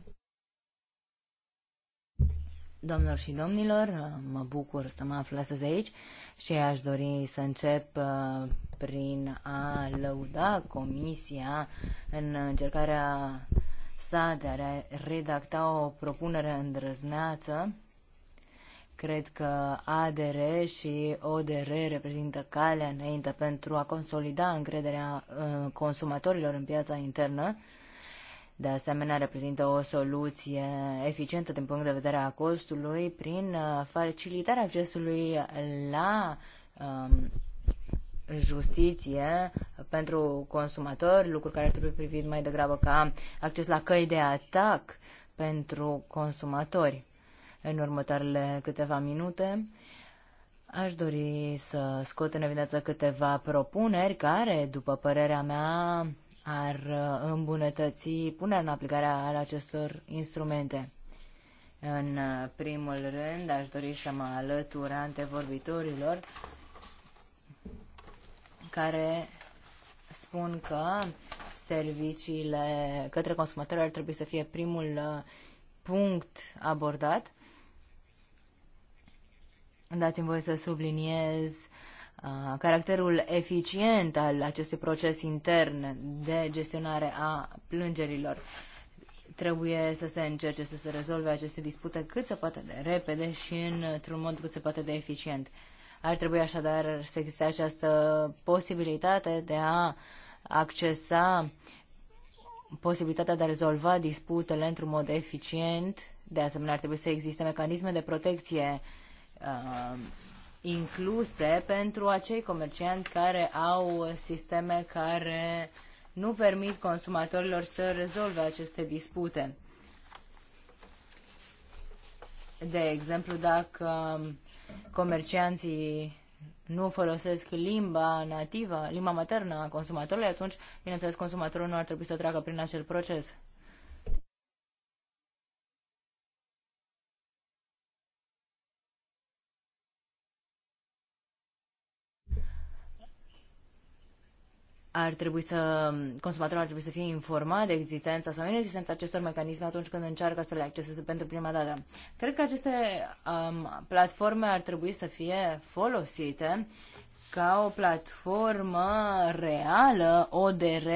Domnilor și domnilor, mă bucur să mă aflu astăzi aici și aș dori să încep uh, prin a lăuda Comisia în încercarea sa de a redacta o propunere îndrăzneață. Cred că ADR și ODR reprezintă calea înainte pentru a consolida încrederea uh, consumatorilor în piața internă de asemenea, reprezintă o soluție eficientă din punct de vedere a costului prin uh, facilitarea accesului la um, justiție pentru consumatori, lucruri care trebuie privit mai degrabă ca acces la căi de atac pentru consumatori. În următoarele câteva minute aș dori să scot în evidență câteva propuneri care, după părerea mea, ar uh, îmbunătăți punerea în aplicare al acestor instrumente. În uh, primul rând, aș dori să mă alătur antevorbitorilor care spun că serviciile către consumatori ar trebui să fie primul uh, punct abordat. Dați-mi voie să subliniez caracterul eficient al acestui proces intern de gestionare a plângerilor. Trebuie să se încerce să se rezolve aceste dispute cât se poate de repede și într-un mod cât se poate de eficient. Ar trebui așadar să existe această posibilitate de a accesa posibilitatea de a rezolva disputele într-un mod eficient. De asemenea, ar trebui să existe mecanisme de protecție uh, incluse pentru acei comercianți care au sisteme care nu permit consumatorilor să rezolve aceste dispute. De exemplu, dacă comercianții nu folosesc limba nativă, limba maternă a consumatorului, atunci, bineînțeles, consumatorul nu ar trebui să treacă prin acel proces. ar trebui să, consumatorul ar trebui să fie informat de existența sau inexistența acestor mecanisme atunci când încearcă să le acceseze pentru prima dată. Cred că aceste um, platforme ar trebui să fie folosite ca o platformă reală, ODR,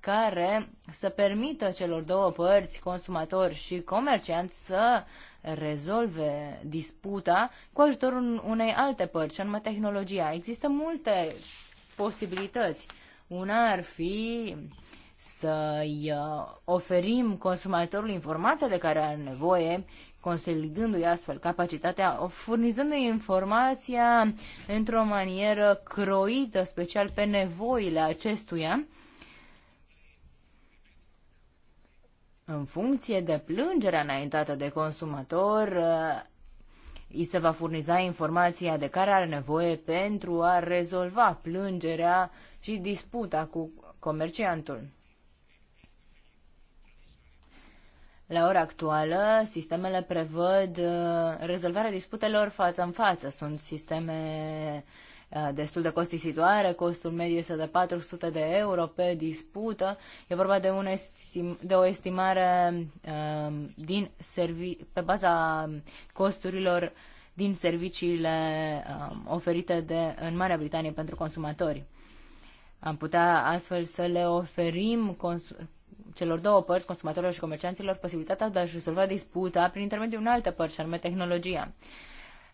care să permită celor două părți, consumatori și comercianți, să rezolve disputa cu ajutorul unei alte părți, anume tehnologia. Există multe posibilități una ar fi să-i uh, oferim consumatorului informația de care are nevoie, consolidându-i astfel capacitatea, furnizându-i informația într-o manieră croită, special pe nevoile acestuia, în funcție de plângerea înaintată de consumator, uh, îi se va furniza informația de care are nevoie pentru a rezolva plângerea și disputa cu comerciantul. La ora actuală, sistemele prevăd uh, rezolvarea disputelor față în față. Sunt sisteme uh, Uh, destul de costisitoare, costul mediu este de 400 de euro pe dispută. E vorba de, un estim, de o estimare uh, din servi, pe baza costurilor din serviciile uh, oferite de, în Marea Britanie pentru consumatori. Am putea astfel să le oferim celor două părți, consumatorilor și comercianților, posibilitatea de a-și rezolva disputa prin intermediul unei alte părți, anume tehnologia.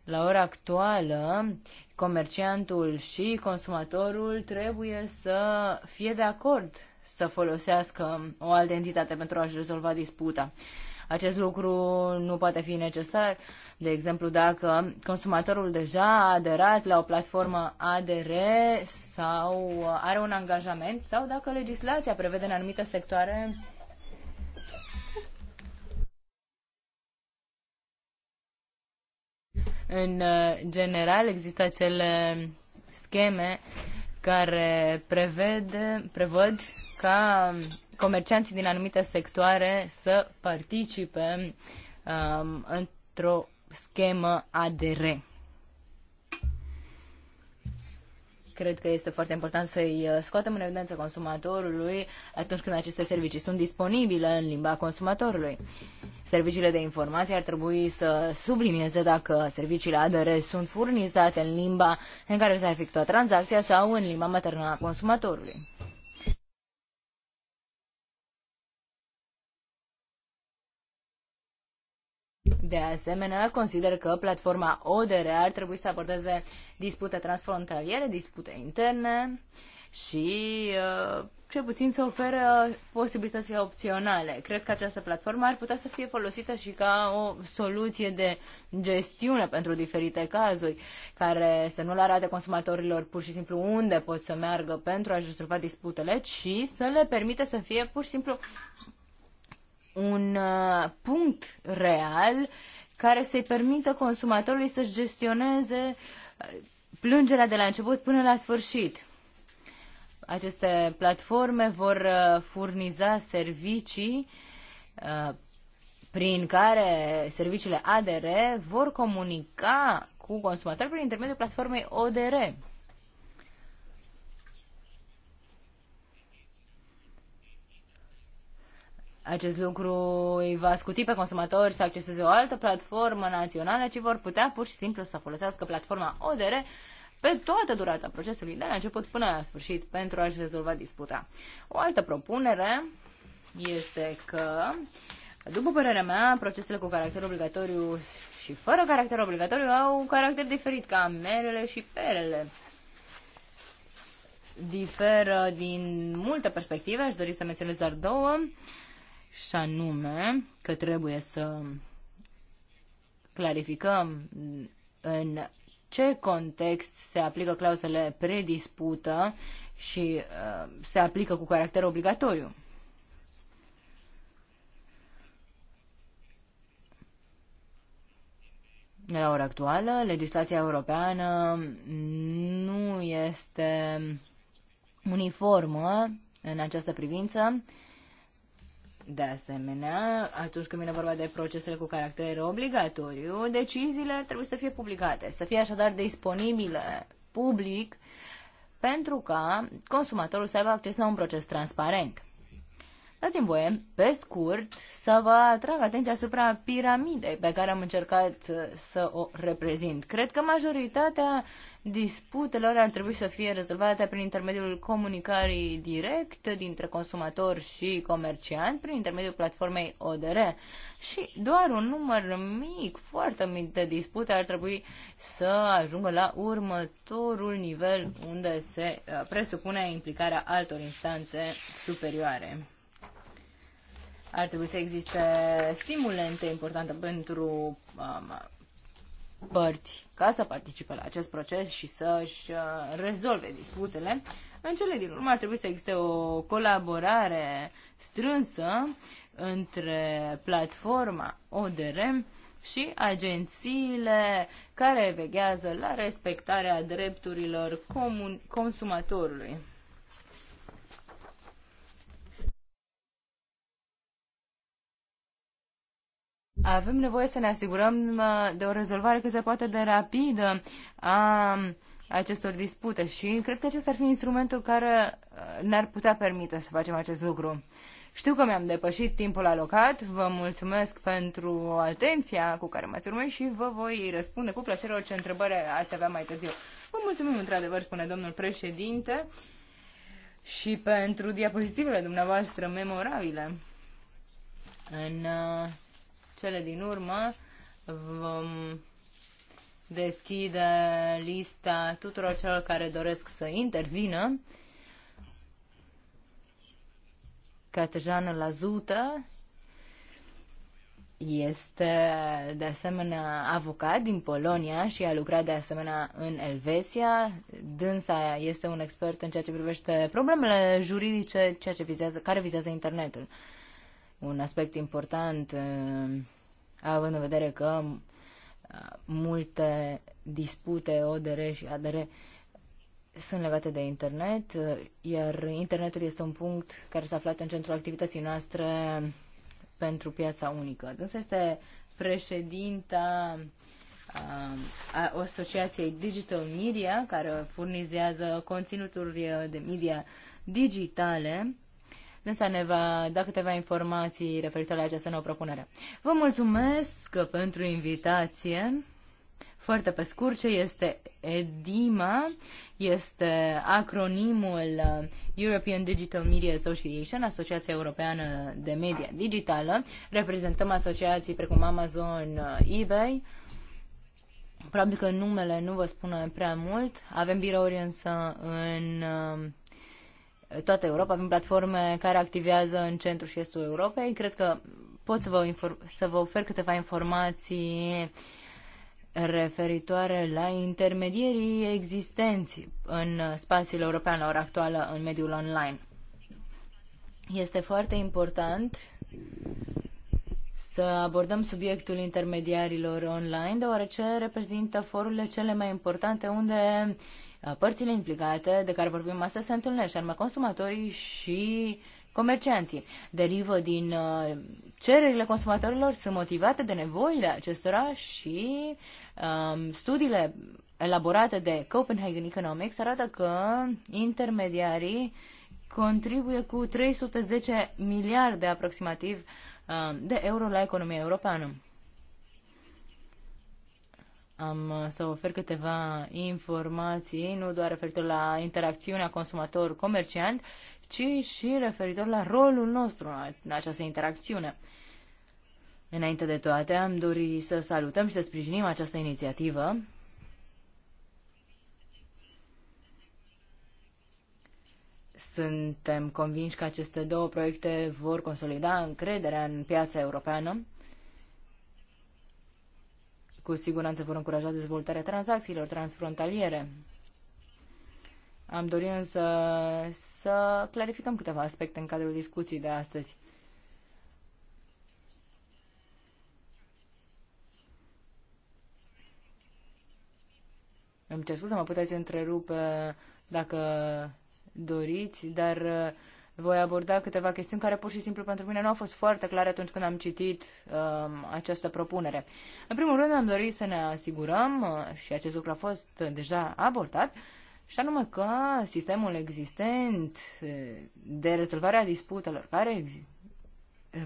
La ora actuală, comerciantul și consumatorul trebuie să fie de acord să folosească o altă entitate pentru a-și rezolva disputa. Acest lucru nu poate fi necesar, de exemplu, dacă consumatorul deja a aderat la o platformă ADR sau are un angajament sau dacă legislația prevede în anumite sectoare În uh, general există acele scheme care preved, prevăd ca comercianții din anumite sectoare să participe um, într-o schemă ADR. Cred că este foarte important să-i uh, scoatem în evidență consumatorului atunci când aceste servicii sunt disponibile în limba consumatorului. Serviciile de informație ar trebui să sublinieze dacă serviciile ADR sunt furnizate în limba în care s-a efectuat tranzacția sau în limba maternă a consumatorului. De asemenea, consider că platforma ODR ar trebui să abordeze dispute transfrontaliere, dispute interne și uh, cel puțin să oferă posibilități opționale. Cred că această platformă ar putea să fie folosită și ca o soluție de gestiune pentru diferite cazuri, care să nu le arate consumatorilor pur și simplu unde pot să meargă pentru a-și rezolva disputele, ci să le permite să fie pur și simplu un uh, punct real care să-i permită consumatorului să-și gestioneze uh, plângerea de la început până la sfârșit. Aceste platforme vor uh, furniza servicii prin care serviciile ADR vor comunica cu consumatori prin intermediul platformei ODR. Acest lucru îi va scuti pe consumatori să acceseze o altă platformă națională, ci vor putea pur și simplu să folosească platforma ODR pe toată durata procesului, de la început până la sfârșit, pentru a-și rezolva disputa. O altă propunere este că, după părerea mea, procesele cu caracter obligatoriu și fără caracter obligatoriu au un caracter diferit, ca merele și perele. Diferă din multe perspective, aș dori să menționez doar două. Uh, și anume că trebuie să clarificăm în ce context se aplică clauzele predispută și uh, se aplică cu caracter obligatoriu. La ora actuală, legislația europeană nu este uniformă în această privință. Uh, de asemenea, atunci când vine vorba de procesele cu caracter obligatoriu, deciziile ar trebui să fie publicate, să fie așadar disponibile public pentru ca consumatorul să aibă acces la un proces transparent. Dați-mi voie, pe scurt, să vă atrag atenția asupra piramidei pe care am încercat uh, să o reprezint. Cred că majoritatea disputelor ar trebui să fie rezolvate prin intermediul comunicării direct dintre consumator și comerciant, prin intermediul platformei ODR. Și doar un număr mic, foarte mic de dispute ar trebui să ajungă la următorul nivel unde se uh, presupune implicarea altor instanțe superioare. Ar trebui să existe stimulente importante pentru um, părți ca să participe la acest proces și să-și uh, rezolve disputele. În cele din urmă ar trebui să existe o colaborare strânsă între platforma ODR și agențiile care veghează la respectarea drepturilor consumatorului. Avem nevoie să ne asigurăm de o rezolvare cât se poate de rapidă a acestor dispute și cred că acesta ar fi instrumentul care uh, ne-ar putea permite să facem acest lucru. Știu că mi-am depășit timpul alocat, vă mulțumesc pentru atenția cu care m-ați urmărit și vă voi răspunde cu plăcere orice întrebare ați avea mai târziu. Vă mulțumim într-adevăr, spune domnul președinte, și pentru diapozitivele dumneavoastră memorabile. În uh, cele din urmă vom deschide lista tuturor celor care doresc să intervină. Catejană Lazută este de asemenea avocat din Polonia și a lucrat de asemenea în Elveția. Dânsa este un expert în ceea ce privește problemele juridice ceea ce vizează, care vizează internetul un aspect important, uh, având în vedere că uh, multe dispute ODR și ADR sunt legate de internet, uh, iar internetul este un punct care s-a aflat în centrul activității noastre pentru piața unică. Dânsa este președinta a Asociației Digital Media, care furnizează conținuturi de media digitale Dânsa ne va da câteva informații referitoare la această nouă propunere. Vă mulțumesc pentru invitație. Foarte pe scurt, ce este EDIMA, este acronimul European Digital Media Association, Asociația Europeană de Media Digitală. Reprezentăm asociații precum Amazon, eBay, Probabil că numele nu vă spune prea mult. Avem birouri însă în toată Europa, avem platforme care activează în centrul și estul Europei. Cred că pot să vă, să vă ofer câteva informații referitoare la intermedierii existenți în spațiul european la ora actuală în mediul online. Este foarte important să abordăm subiectul intermediarilor online, deoarece reprezintă forurile cele mai importante unde Uh, părțile implicate de care vorbim astăzi se întâlnesc, anume consumatorii și comercianții. Derivă din uh, cererile consumatorilor, sunt motivate de nevoile acestora și um, studiile elaborate de Copenhagen Economics arată că intermediarii contribuie cu 310 miliarde aproximativ um, de euro la economia europeană am uh, să ofer câteva informații, nu doar referitor la interacțiunea consumator-comerciant, ci și referitor la rolul nostru în această interacțiune. Înainte de toate, am dori să salutăm și să sprijinim această inițiativă. Suntem convinși că aceste două proiecte vor consolida încrederea în piața europeană cu siguranță vor încuraja dezvoltarea tranzacțiilor transfrontaliere. Am dorit însă să clarificăm câteva aspecte în cadrul discuției de astăzi. Îmi cer scuze, mă puteți întrerupe dacă doriți, dar voi aborda câteva chestiuni care pur și simplu pentru mine nu au fost foarte clare atunci când am citit um, această propunere. În primul rând am dorit să ne asigurăm, uh, și acest lucru a fost uh, deja abordat, și anume că sistemul existent uh, de rezolvare a disputelor care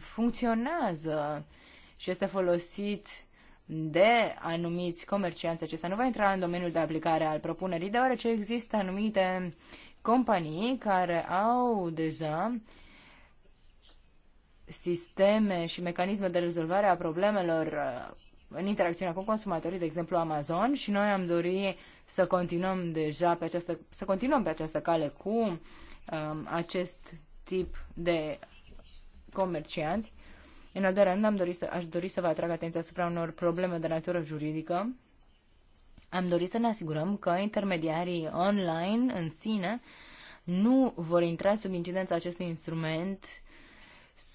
funcționează și este folosit de anumiți comercianți, acesta nu va intra în domeniul de aplicare al propunerii, deoarece există anumite uh, companii care au deja sisteme și mecanisme de rezolvare a problemelor uh, în interacțiunea cu consumatorii, de exemplu Amazon, și noi am dorit să continuăm deja pe această, să continuăm pe această cale cu um, acest tip de comercianți. În al doilea rând, am dorit să, aș dori să vă atrag atenția asupra unor probleme de natură juridică am dorit să ne asigurăm că intermediarii online în sine nu vor intra sub incidența acestui instrument,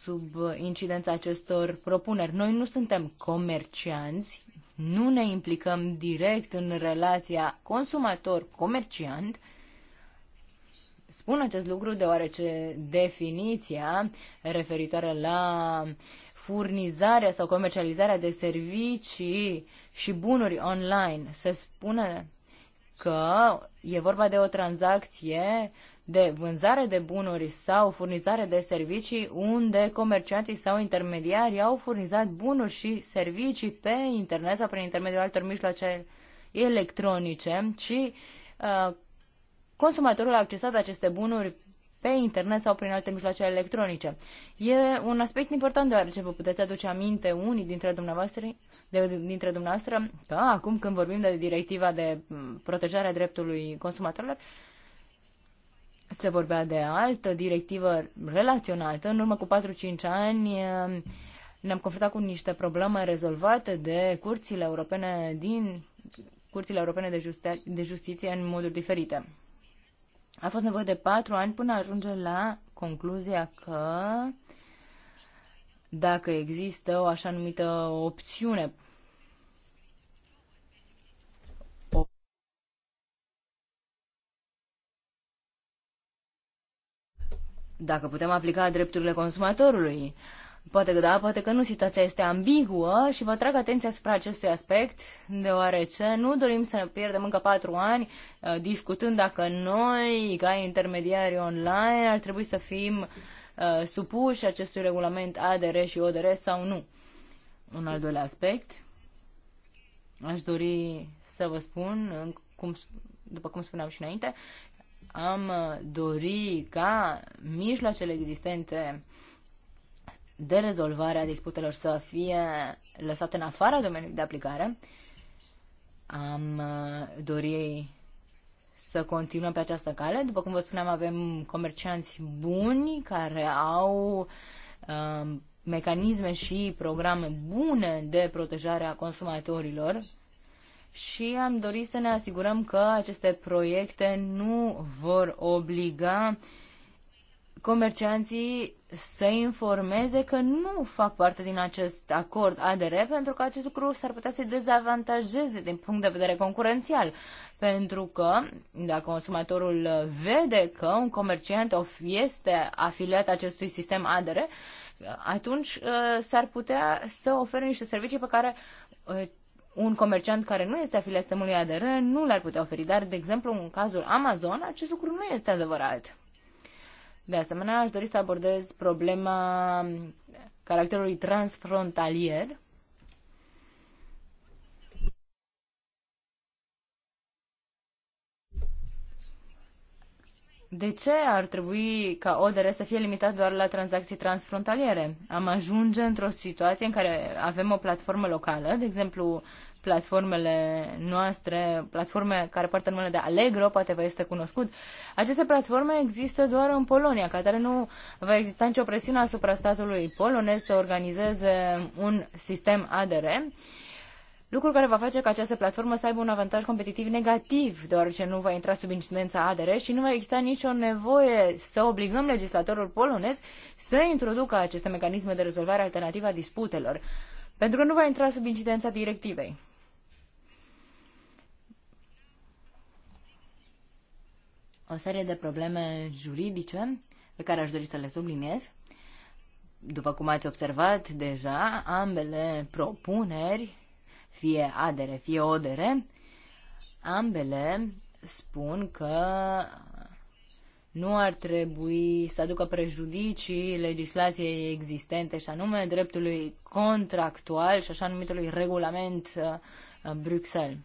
sub incidența acestor propuneri. Noi nu suntem comercianți, nu ne implicăm direct în relația consumator-comerciant. Spun acest lucru deoarece definiția referitoare la furnizarea sau comercializarea de servicii și bunuri online. Se spune că e vorba de o tranzacție de vânzare de bunuri sau furnizare de servicii unde comercianții sau intermediarii au furnizat bunuri și servicii pe internet sau prin intermediul altor mijloace electronice și uh, consumatorul a accesat aceste bunuri pe internet sau prin alte mijloace electronice. E un aspect important deoarece vă puteți aduce aminte unii dintre dumneavoastră, de, dintre dumneavoastră că acum când vorbim de directiva de mm, protejare a dreptului consumatorilor, se vorbea de altă directivă relaționată. În urmă cu 4-5 ani mm, ne-am confruntat cu niște probleme rezolvate de curțile europene din curțile europene de, justi- de justiție în moduri diferite. A fost nevoie de patru ani până ajunge la concluzia că dacă există o așa numită opțiune dacă putem aplica drepturile consumatorului. Poate că da, poate că nu, situația este ambiguă și vă trag atenția asupra acestui aspect, deoarece nu dorim să ne pierdem încă patru ani uh, discutând dacă noi, ca intermediari online, ar trebui să fim uh, supuși acestui regulament ADR și ODR sau nu. Un al doilea aspect, aș dori să vă spun, cum, după cum spuneam și înainte, am uh, dori ca mijloacele existente uh, de rezolvare a disputelor să fie lăsate în afara domeniului de aplicare. Am uh, dorit să continuăm pe această cale. După cum vă spuneam, avem comercianți buni care au um, mecanisme și programe bune de protejare a consumatorilor și am dorit să ne asigurăm că aceste proiecte nu vor obliga comercianții să informeze că nu fac parte din acest acord ADR pentru că acest lucru s-ar putea să-i dezavantajeze din punct de vedere concurențial. Pentru că dacă consumatorul vede că un comerciant este afiliat acestui sistem ADR, atunci uh, s-ar putea să ofere niște servicii pe care uh, un comerciant care nu este afiliat sistemului ADR nu le-ar putea oferi. Dar, de exemplu, în cazul Amazon, acest lucru nu este adevărat de asemenea, aș dori să abordez problema caracterului transfrontalier. De ce ar trebui ca ODR să fie limitat doar la tranzacții transfrontaliere? Am ajunge într-o situație în care avem o platformă locală, de exemplu platformele noastre, platforme care poartă numele de Allegro, poate vă este cunoscut. Aceste platforme există doar în Polonia, ca care nu va exista nicio presiune asupra statului polonez să organizeze un sistem ADR lucru care va face ca această platformă să aibă un avantaj competitiv negativ, deoarece nu va intra sub incidența ADR și nu va exista nicio nevoie să obligăm legislatorul polonez să introducă aceste mecanisme de rezolvare alternativă a disputelor, pentru că nu va intra sub incidența directivei. o serie de probleme juridice pe care aș dori să le subliniez. După cum ați observat deja, ambele propuneri, fie ADR, fie ODR, ambele spun că nu ar trebui să aducă prejudicii legislației existente și anume dreptului contractual și așa numitului regulament uh, Bruxelles.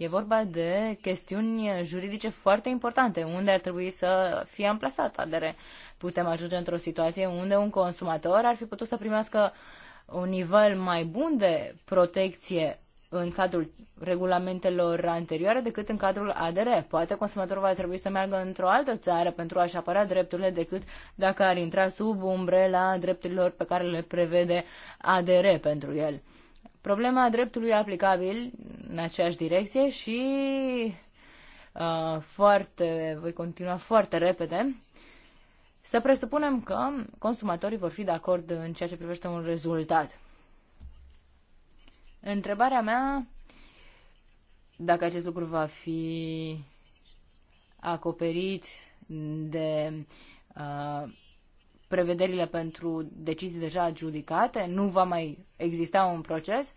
E vorba de chestiuni juridice foarte importante. Unde ar trebui să fie amplasat ADR? Putem ajunge într-o situație unde un consumator ar fi putut să primească un nivel mai bun de protecție în cadrul regulamentelor anterioare decât în cadrul ADR. Poate consumatorul va trebui să meargă într-o altă țară pentru a-și apăra drepturile decât dacă ar intra sub umbrela drepturilor pe care le prevede ADR pentru el problema dreptului aplicabil în aceeași direcție și uh, foarte, voi continua foarte repede, să presupunem că consumatorii vor fi de acord în ceea ce privește un rezultat. Întrebarea mea, dacă acest lucru va fi acoperit de uh, prevederile pentru decizii deja adjudicate? Nu va mai exista un proces?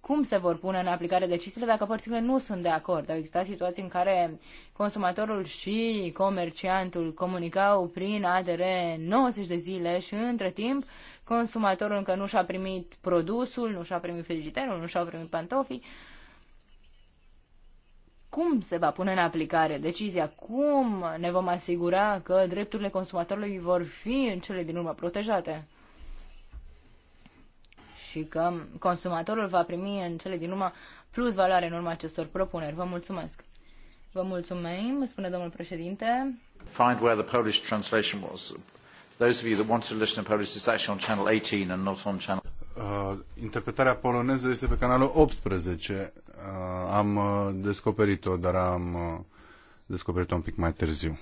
Cum se vor pune în aplicare deciziile dacă părțile nu sunt de acord? Au existat situații în care consumatorul și comerciantul comunicau prin ADR 90 de zile și între timp consumatorul încă nu și-a primit produsul, nu și-a primit frigiderul, nu și-a primit pantofii cum se va pune în aplicare decizia, cum ne vom asigura că drepturile consumatorului vor fi în cele din urmă protejate și că consumatorul va primi în cele din urmă plus valoare în urma acestor propuneri. Vă mulțumesc. Vă mulțumim, spune domnul președinte. Find where the Polish translation was. Those of you that want to listen in Polish, it's actually on channel 18 and not on channel Uh, interpretarea poloneză este pe canalul 18. Uh, am uh, descoperit-o, dar am uh, descoperit-o un pic mai târziu.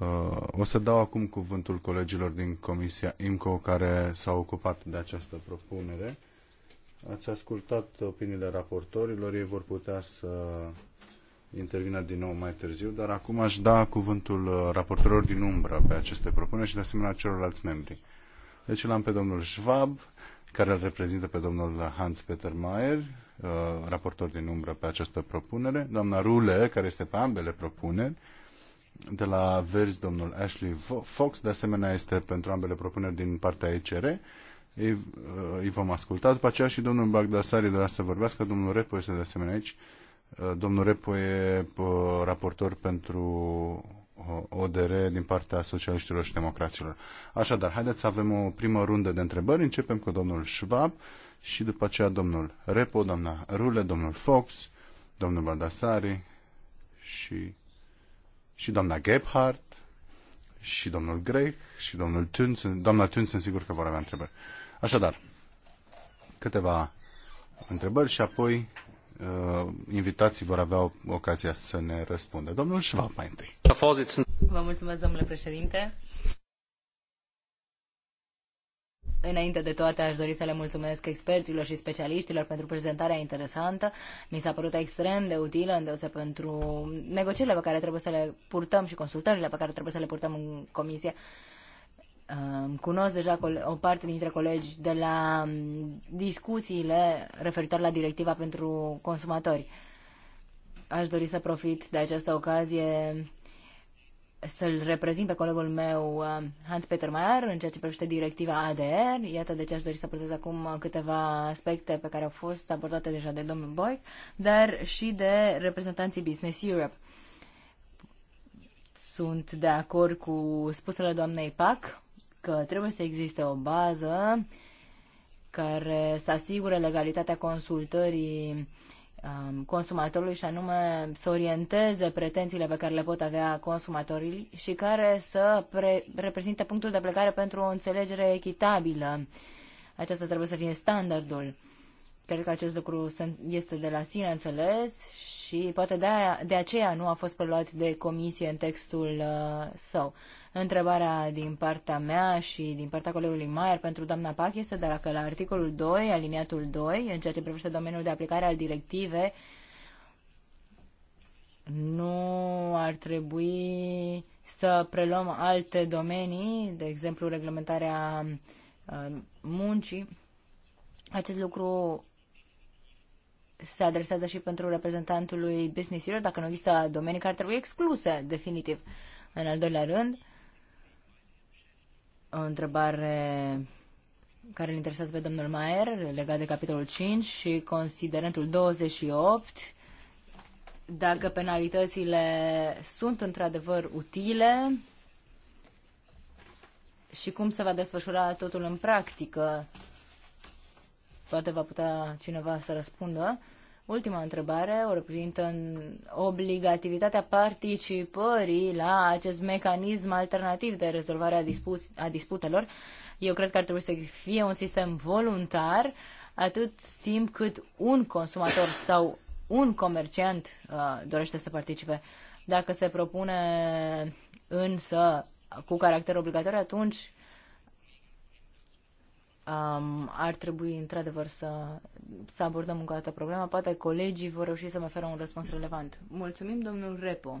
Uh, o să dau acum cuvântul colegilor din Comisia IMCO care s-au ocupat de această propunere. Ați ascultat opiniile raportorilor, ei vor putea să intervină din nou mai târziu, dar acum aș da cuvântul uh, raportorilor din umbră pe aceste propuneri și de asemenea celorlalți membri. Deci l-am pe domnul Schwab, care îl reprezintă pe domnul Hans-Peter Mayer, uh, raportor din umbră pe această propunere, doamna Rule, care este pe ambele propuneri, de la Verzi, domnul Ashley Fox, de asemenea este pentru ambele propuneri din partea ECR. Ei, uh, îi vom asculta. După aceea și domnul Bagdasari dorea să vorbească, domnul Repo este de asemenea aici. Uh, domnul Repo e raportor pentru ODR din partea socialiștilor și democraților. Așadar, haideți să avem o primă rundă de întrebări. Începem cu domnul Schwab și după aceea domnul Repo, doamna Rule, domnul Fox, domnul Baldassari și, și doamna Gebhardt și domnul Greg și domnul Tunz. Doamna Tunz, sunt sigur că vor avea întrebări. Așadar, câteva întrebări și apoi uh, invitații vor avea ocazia să ne răspundă. Domnul Schwab, mai întâi. Vă mulțumesc, domnule președinte. Înainte de toate, aș dori să le mulțumesc experților și specialiștilor pentru prezentarea interesantă. Mi s-a părut extrem de utilă, îndeose pentru negocierile pe care trebuie să le purtăm și consultările pe care trebuie să le purtăm în comisie. Uh, Cunosc deja o parte dintre colegi de la mm, discuțiile referitoare la directiva pentru consumatori. Aș dori să profit de această ocazie să-l reprezint pe colegul meu mm, Hans-Peter Mayer în ceea ce privește directiva ADR. Iată de ce aș dori să prezez acum câteva aspecte pe care au fost abordate deja de domnul Boic, dar și de reprezentanții Business Europe. Sunt de acord cu spusele doamnei PAC că trebuie să existe o bază care să asigure legalitatea consultării um, consumatorului și anume să orienteze pretențiile pe care le pot avea consumatorii și care să pre- reprezinte punctul de plecare pentru o înțelegere echitabilă. Aceasta trebuie să fie standardul. Cred că acest lucru este de la sine înțeles și poate de, aia, de aceea nu a fost preluat de comisie în textul uh, său. Întrebarea din partea mea și din partea colegului Maier pentru doamna Pac este dacă la articolul 2, aliniatul 2, în ceea ce privește domeniul de aplicare al directivei, nu ar trebui să preluăm alte domenii, de exemplu reglementarea uh, muncii. Acest lucru se adresează și pentru reprezentantul lui Business Europe, dacă nu există domenii care trebuie excluse, definitiv. În al doilea rând, o întrebare care îl interesează pe domnul Maier, legat de capitolul 5 și considerentul 28, dacă penalitățile sunt într-adevăr utile și cum se va desfășura totul în practică. Poate va putea cineva să răspundă. Ultima întrebare o reprezintă în obligativitatea participării la acest mecanism alternativ de rezolvare a, dispu- a disputelor. Eu cred că ar trebui să fie un sistem voluntar atât timp cât un consumator sau un comerciant uh, dorește să participe. Dacă se propune însă cu caracter obligatoriu, atunci Um, ar trebui într-adevăr să, să abordăm încă o dată problema. Poate colegii vor reuși să mă oferă un răspuns relevant. Mulțumim, domnul Repo.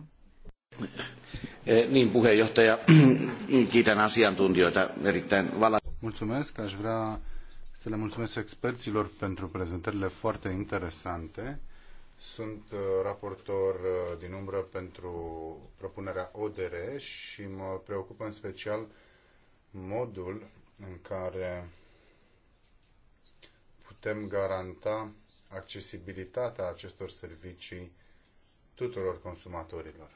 Eh, niin, puheenjohtaja, <clears throat> kiitän asiantuntijoita erittäin vala. Mulțumesc, aș vrea să le mulțumesc experților pentru prezentările foarte interesante. Sunt uh, raportor uh, din umbră pentru propunerea ODR și mă preocupă în special modul în care putem garanta accesibilitatea acestor servicii tuturor consumatorilor.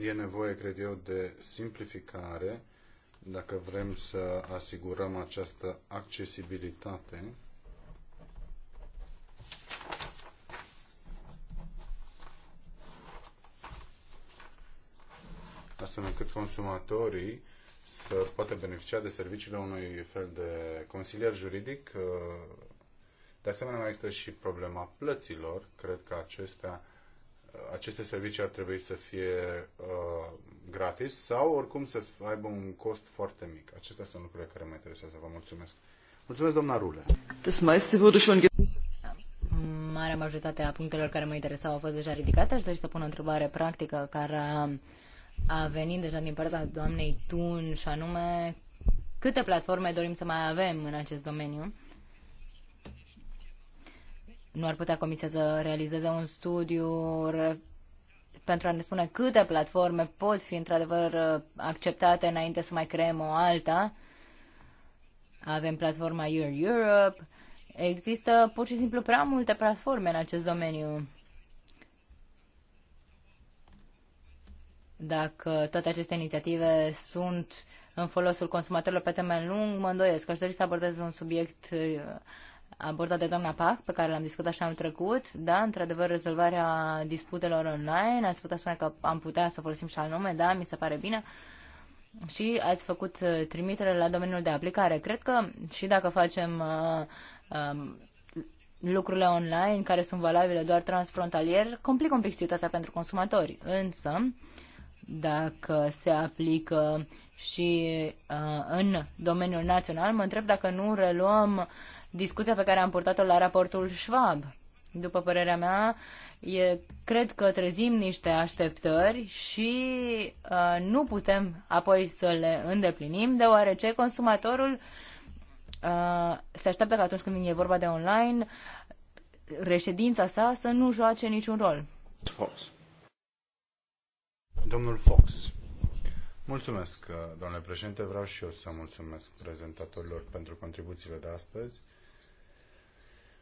E nevoie, cred eu, de simplificare dacă vrem să asigurăm această accesibilitate astfel încât consumatorii să poată beneficia de serviciile unui fel de consilier juridic. Uh, de asemenea, mai există și problema plăților. Cred că acestea, uh, aceste servicii ar trebui să fie uh, gratis sau oricum să aibă un cost foarte mic. Acestea sunt lucrurile care mă interesează. Vă mulțumesc. Mulțumesc, doamna Rule. Marea majoritate a punctelor care mă interesau au fost deja ridicate. Aș dori să pun o întrebare practică care a venit deja din partea doamnei Tun și anume câte platforme dorim să mai avem în acest domeniu. Nu ar putea comisia să realizeze un studiu pentru a ne spune câte platforme pot fi într-adevăr uh, acceptate înainte să mai creăm o alta. Avem platforma Your Europe. Există pur și simplu prea multe platforme în acest domeniu. Dacă toate aceste inițiative sunt în folosul consumatorilor pe termen lung, mă îndoiesc. Aș dori să abordez un subiect uh, abordat de doamna Pac, pe care l-am discutat și anul trecut, da, într-adevăr, rezolvarea disputelor online, ați putea spune că am putea să folosim și al nume, da, mi se pare bine, și ați făcut uh, trimitere la domeniul de aplicare. Cred că și dacă facem uh, uh, lucrurile online care sunt valabile doar transfrontalier, complică un pic situația pentru consumatori, însă uh, dacă se aplică și uh, în domeniul național, mă întreb dacă nu reluăm discuția pe care am purtat-o la raportul Schwab. După părerea mea, e, cred că trezim niște așteptări și uh, nu putem apoi să le îndeplinim, deoarece consumatorul uh, se așteaptă că atunci când e vorba de online, reședința sa să nu joace niciun rol. Domnul Fox. Mulțumesc, uh, domnule președinte. Vreau și eu să mulțumesc prezentatorilor pentru contribuțiile de astăzi.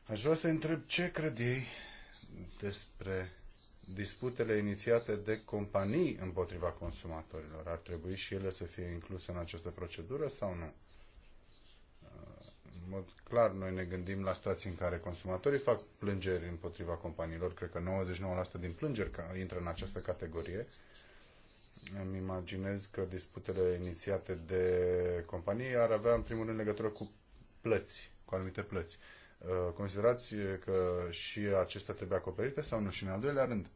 Aș vrea să întreb ce cred ei despre disputele inițiate de companii împotriva consumatorilor. Ar trebui și ele să fie incluse în această procedură sau nu? În mod clar, noi ne gândim la situații în care consumatorii fac plângeri împotriva companiilor. Cred că 99% din plângeri intră în această categorie îmi imaginez că disputele inițiate de companii ar avea în primul rând legătură cu plăți, cu anumite plăți. Uh, considerați că și acestea trebuie acoperite sau nu? Și în al doilea rând,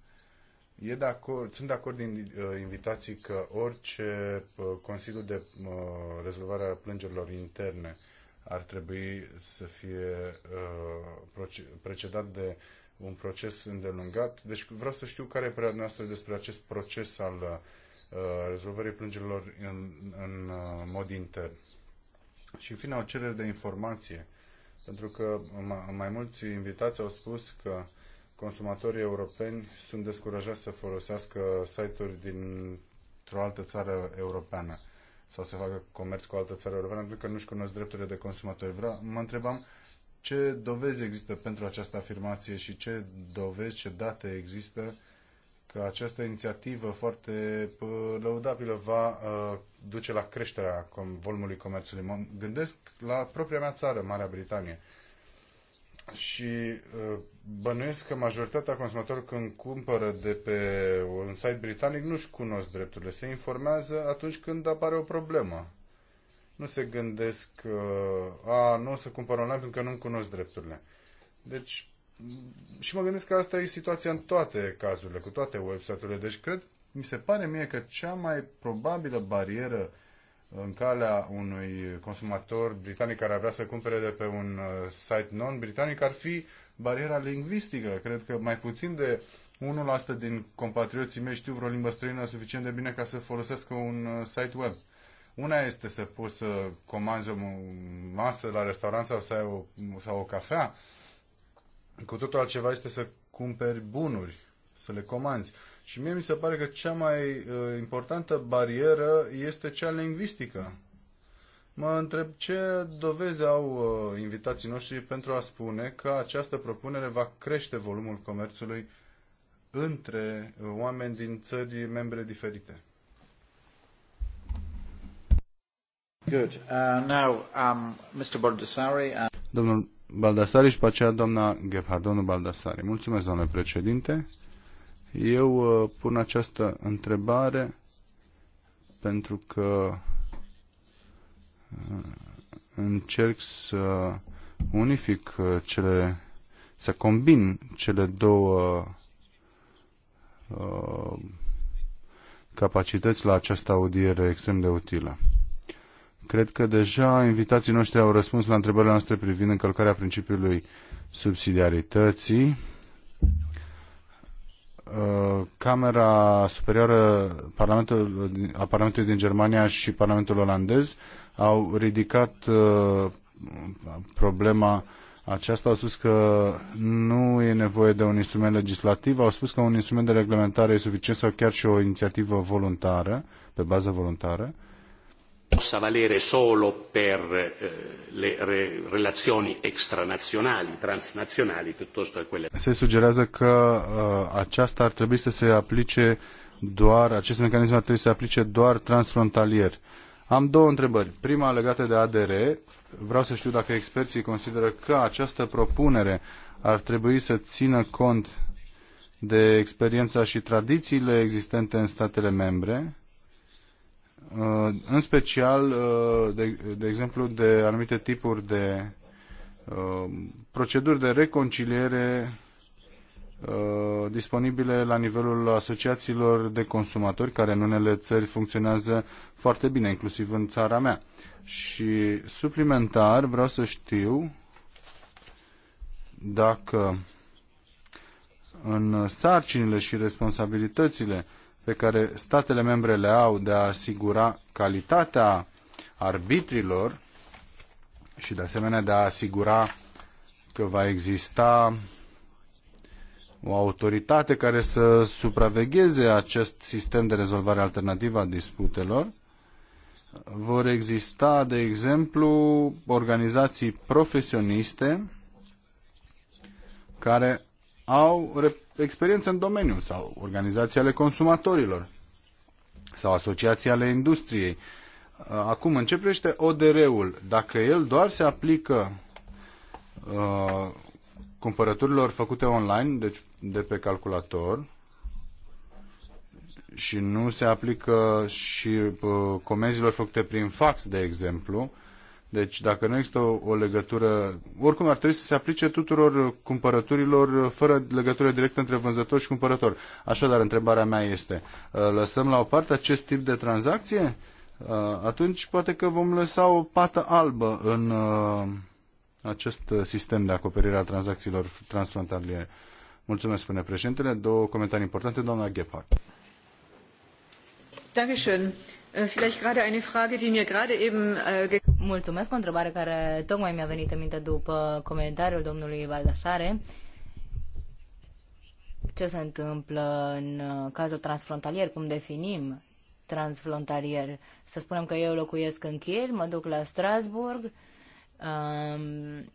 E de acord, sunt de acord din uh, invitații că orice uh, Consiliu de rezolvare a plângerilor interne ar trebui să fie precedat de un proces îndelungat. Deci vreau să știu care e părerea noastră despre acest proces al Uh, rezolvării plângerilor în, în uh, mod intern. Și în fine o cerere de informație, pentru că mai mulți invitați au spus că consumatorii europeni sunt descurajați să folosească site-uri dintr-o altă țară europeană sau să facă comerț cu o altă țară europeană pentru că nu-și cunosc drepturile de consumatori. Vreau, mă întrebam ce dovezi există pentru această afirmație și ce dovezi, ce date există că această inițiativă foarte uh, lăudabilă va uh, duce la creșterea volumului comerțului. Mă gândesc la propria mea țară, Marea Britanie. Și uh, bănuiesc că majoritatea consumatorilor când cumpără de pe un site britanic nu-și cunosc drepturile. Se informează atunci când apare o problemă. Nu se gândesc că a, nu o să cumpăr online pentru că nu-mi cunosc drepturile. Deci și mă gândesc că asta e situația în toate cazurile, cu toate website-urile. Deci cred, mi se pare mie că cea mai probabilă barieră în calea unui consumator britanic care ar vrea să cumpere de pe un uh, site non-britanic ar fi bariera lingvistică. Cred că mai puțin de 1% din compatrioții mei știu vreo limbă străină suficient de bine ca să folosească un uh, site web. Una este să poți să comanzi o masă la restaurant sau să ai o, sau o cafea, cu totul altceva este să cumperi bunuri, să le comanzi. Și mie mi se pare că cea mai uh, importantă barieră este cea lingvistică. Mă întreb ce dovezi au uh, invitații noștri pentru a spune că această propunere va crește volumul comerțului între uh, oameni din țări membre diferite. Good. Uh, now, um, Mr. Bordesari. Uh... Domnul Baldassari și pe aceea doamna Gephardt. Baldassari. Mulțumesc, doamne președinte. Eu uh, pun această întrebare pentru că uh, încerc să unific uh, cele, să combin cele două uh, capacități la această audiere extrem de utilă. Cred că deja invitații noștri au răspuns la întrebările noastre privind încălcarea principiului subsidiarității. Uh, Camera Superioară Parlamentului, a Parlamentului din Germania și Parlamentul olandez au ridicat uh, problema aceasta. Au spus că nu e nevoie de un instrument legislativ, au spus că un instrument de reglementare e suficient sau chiar și o inițiativă voluntară, pe bază voluntară. Uh, possa valere solo per eh, le re relazioni extranazionali, transnazionali, piuttosto che quelle. Se sugerează că uh, aceasta ar trebui să se aplice doar, acest mecanism ar trebui să se aplice doar transfrontalier. Am două întrebări. Prima legată de ADR. Vreau să știu dacă experții consideră că această propunere ar trebui să țină cont de experiența și tradițiile existente în statele membre Uh, în special, uh, de, de exemplu, de anumite tipuri de uh, proceduri de reconciliere disponibile la nivelul asociațiilor de consumatori, care în unele țări funcționează foarte bine, inclusiv în țara mea. Și suplimentar vreau să știu dacă în sarcinile și responsabilitățile uh, pe care statele membre le au de a asigura calitatea arbitrilor și de asemenea de a asigura că va exista o autoritate care să supravegheze acest sistem de rezolvare alternativă a disputelor. Vor exista, de exemplu, organizații profesioniste care au experiență în domeniu sau organizații ale consumatorilor sau asociații ale industriei. Uh, acum, începește ODR-ul, dacă el doar se aplică uh, cumpărăturilor făcute online, deci de pe calculator, și nu se aplică și uh, comenzilor făcute prin fax, de exemplu, deci dacă nu există o, o legătură, oricum ar trebui să se aplice tuturor cumpărăturilor uh, fără legătură directă între vânzător și cumpărător. Așadar, întrebarea mea este, uh, lăsăm la o parte acest tip de tranzacție? Uh, atunci poate că vom lăsa o pată albă în acest sistem de acoperire a tranzacțiilor transfrontaliere. Mulțumesc, spune președintele. Două comentarii importante, doamna Gephardt. Dankeschön. Äh, äh, Mulțumesc, o întrebare care tocmai mi-a venit în minte după comentariul domnului Valdasare. Ce se întâmplă în uh, cazul transfrontalier? Cum definim transfrontalier? Să spunem că eu locuiesc în Kiel, mă duc la Strasburg, um,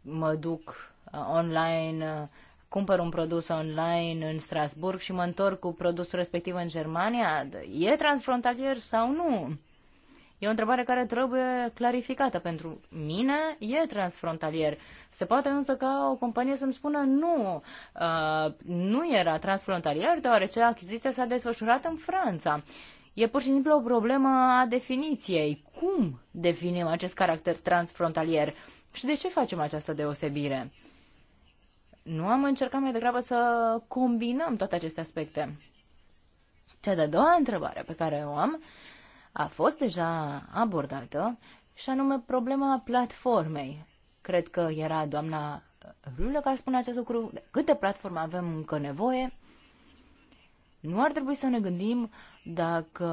mă duc uh, online uh, cumpăr un produs online în Strasburg și mă întorc cu produsul respectiv în Germania, e transfrontalier sau nu? E o întrebare care trebuie clarificată. Pentru mine e transfrontalier. Se poate însă ca o companie să-mi spună nu, uh, nu era transfrontalier deoarece achiziția s-a desfășurat în Franța. E pur și simplu o problemă a definiției. Cum definim acest caracter transfrontalier? Și de ce facem această deosebire? Nu am încercat mai degrabă să combinăm toate aceste aspecte. Cea de-a doua întrebare pe care o am a fost deja abordată și anume problema platformei. Cred că era doamna Rulă care spune acest lucru. De câte platforme avem încă nevoie? Nu ar trebui să ne gândim dacă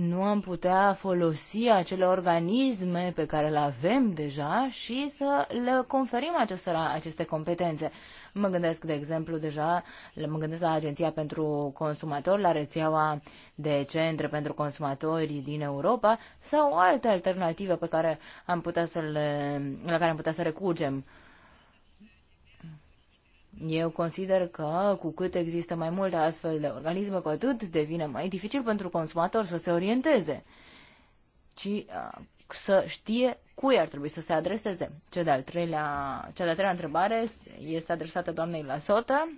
nu am putea folosi acele organisme pe care le avem deja și să le conferim acestora aceste competențe. Mă gândesc, de exemplu, deja, mă gândesc la Agenția pentru Consumatori, la rețeaua de centre pentru consumatori din Europa sau alte alternative pe care am putea să le, la care am putea să recurgem. Eu consider că cu cât există mai multe astfel de organisme, cu atât devine mai dificil pentru consumator să se orienteze, ci să știe cui ar trebui să se adreseze. Cea de-a treilea, cea de treia întrebare este adresată doamnei Lasotă.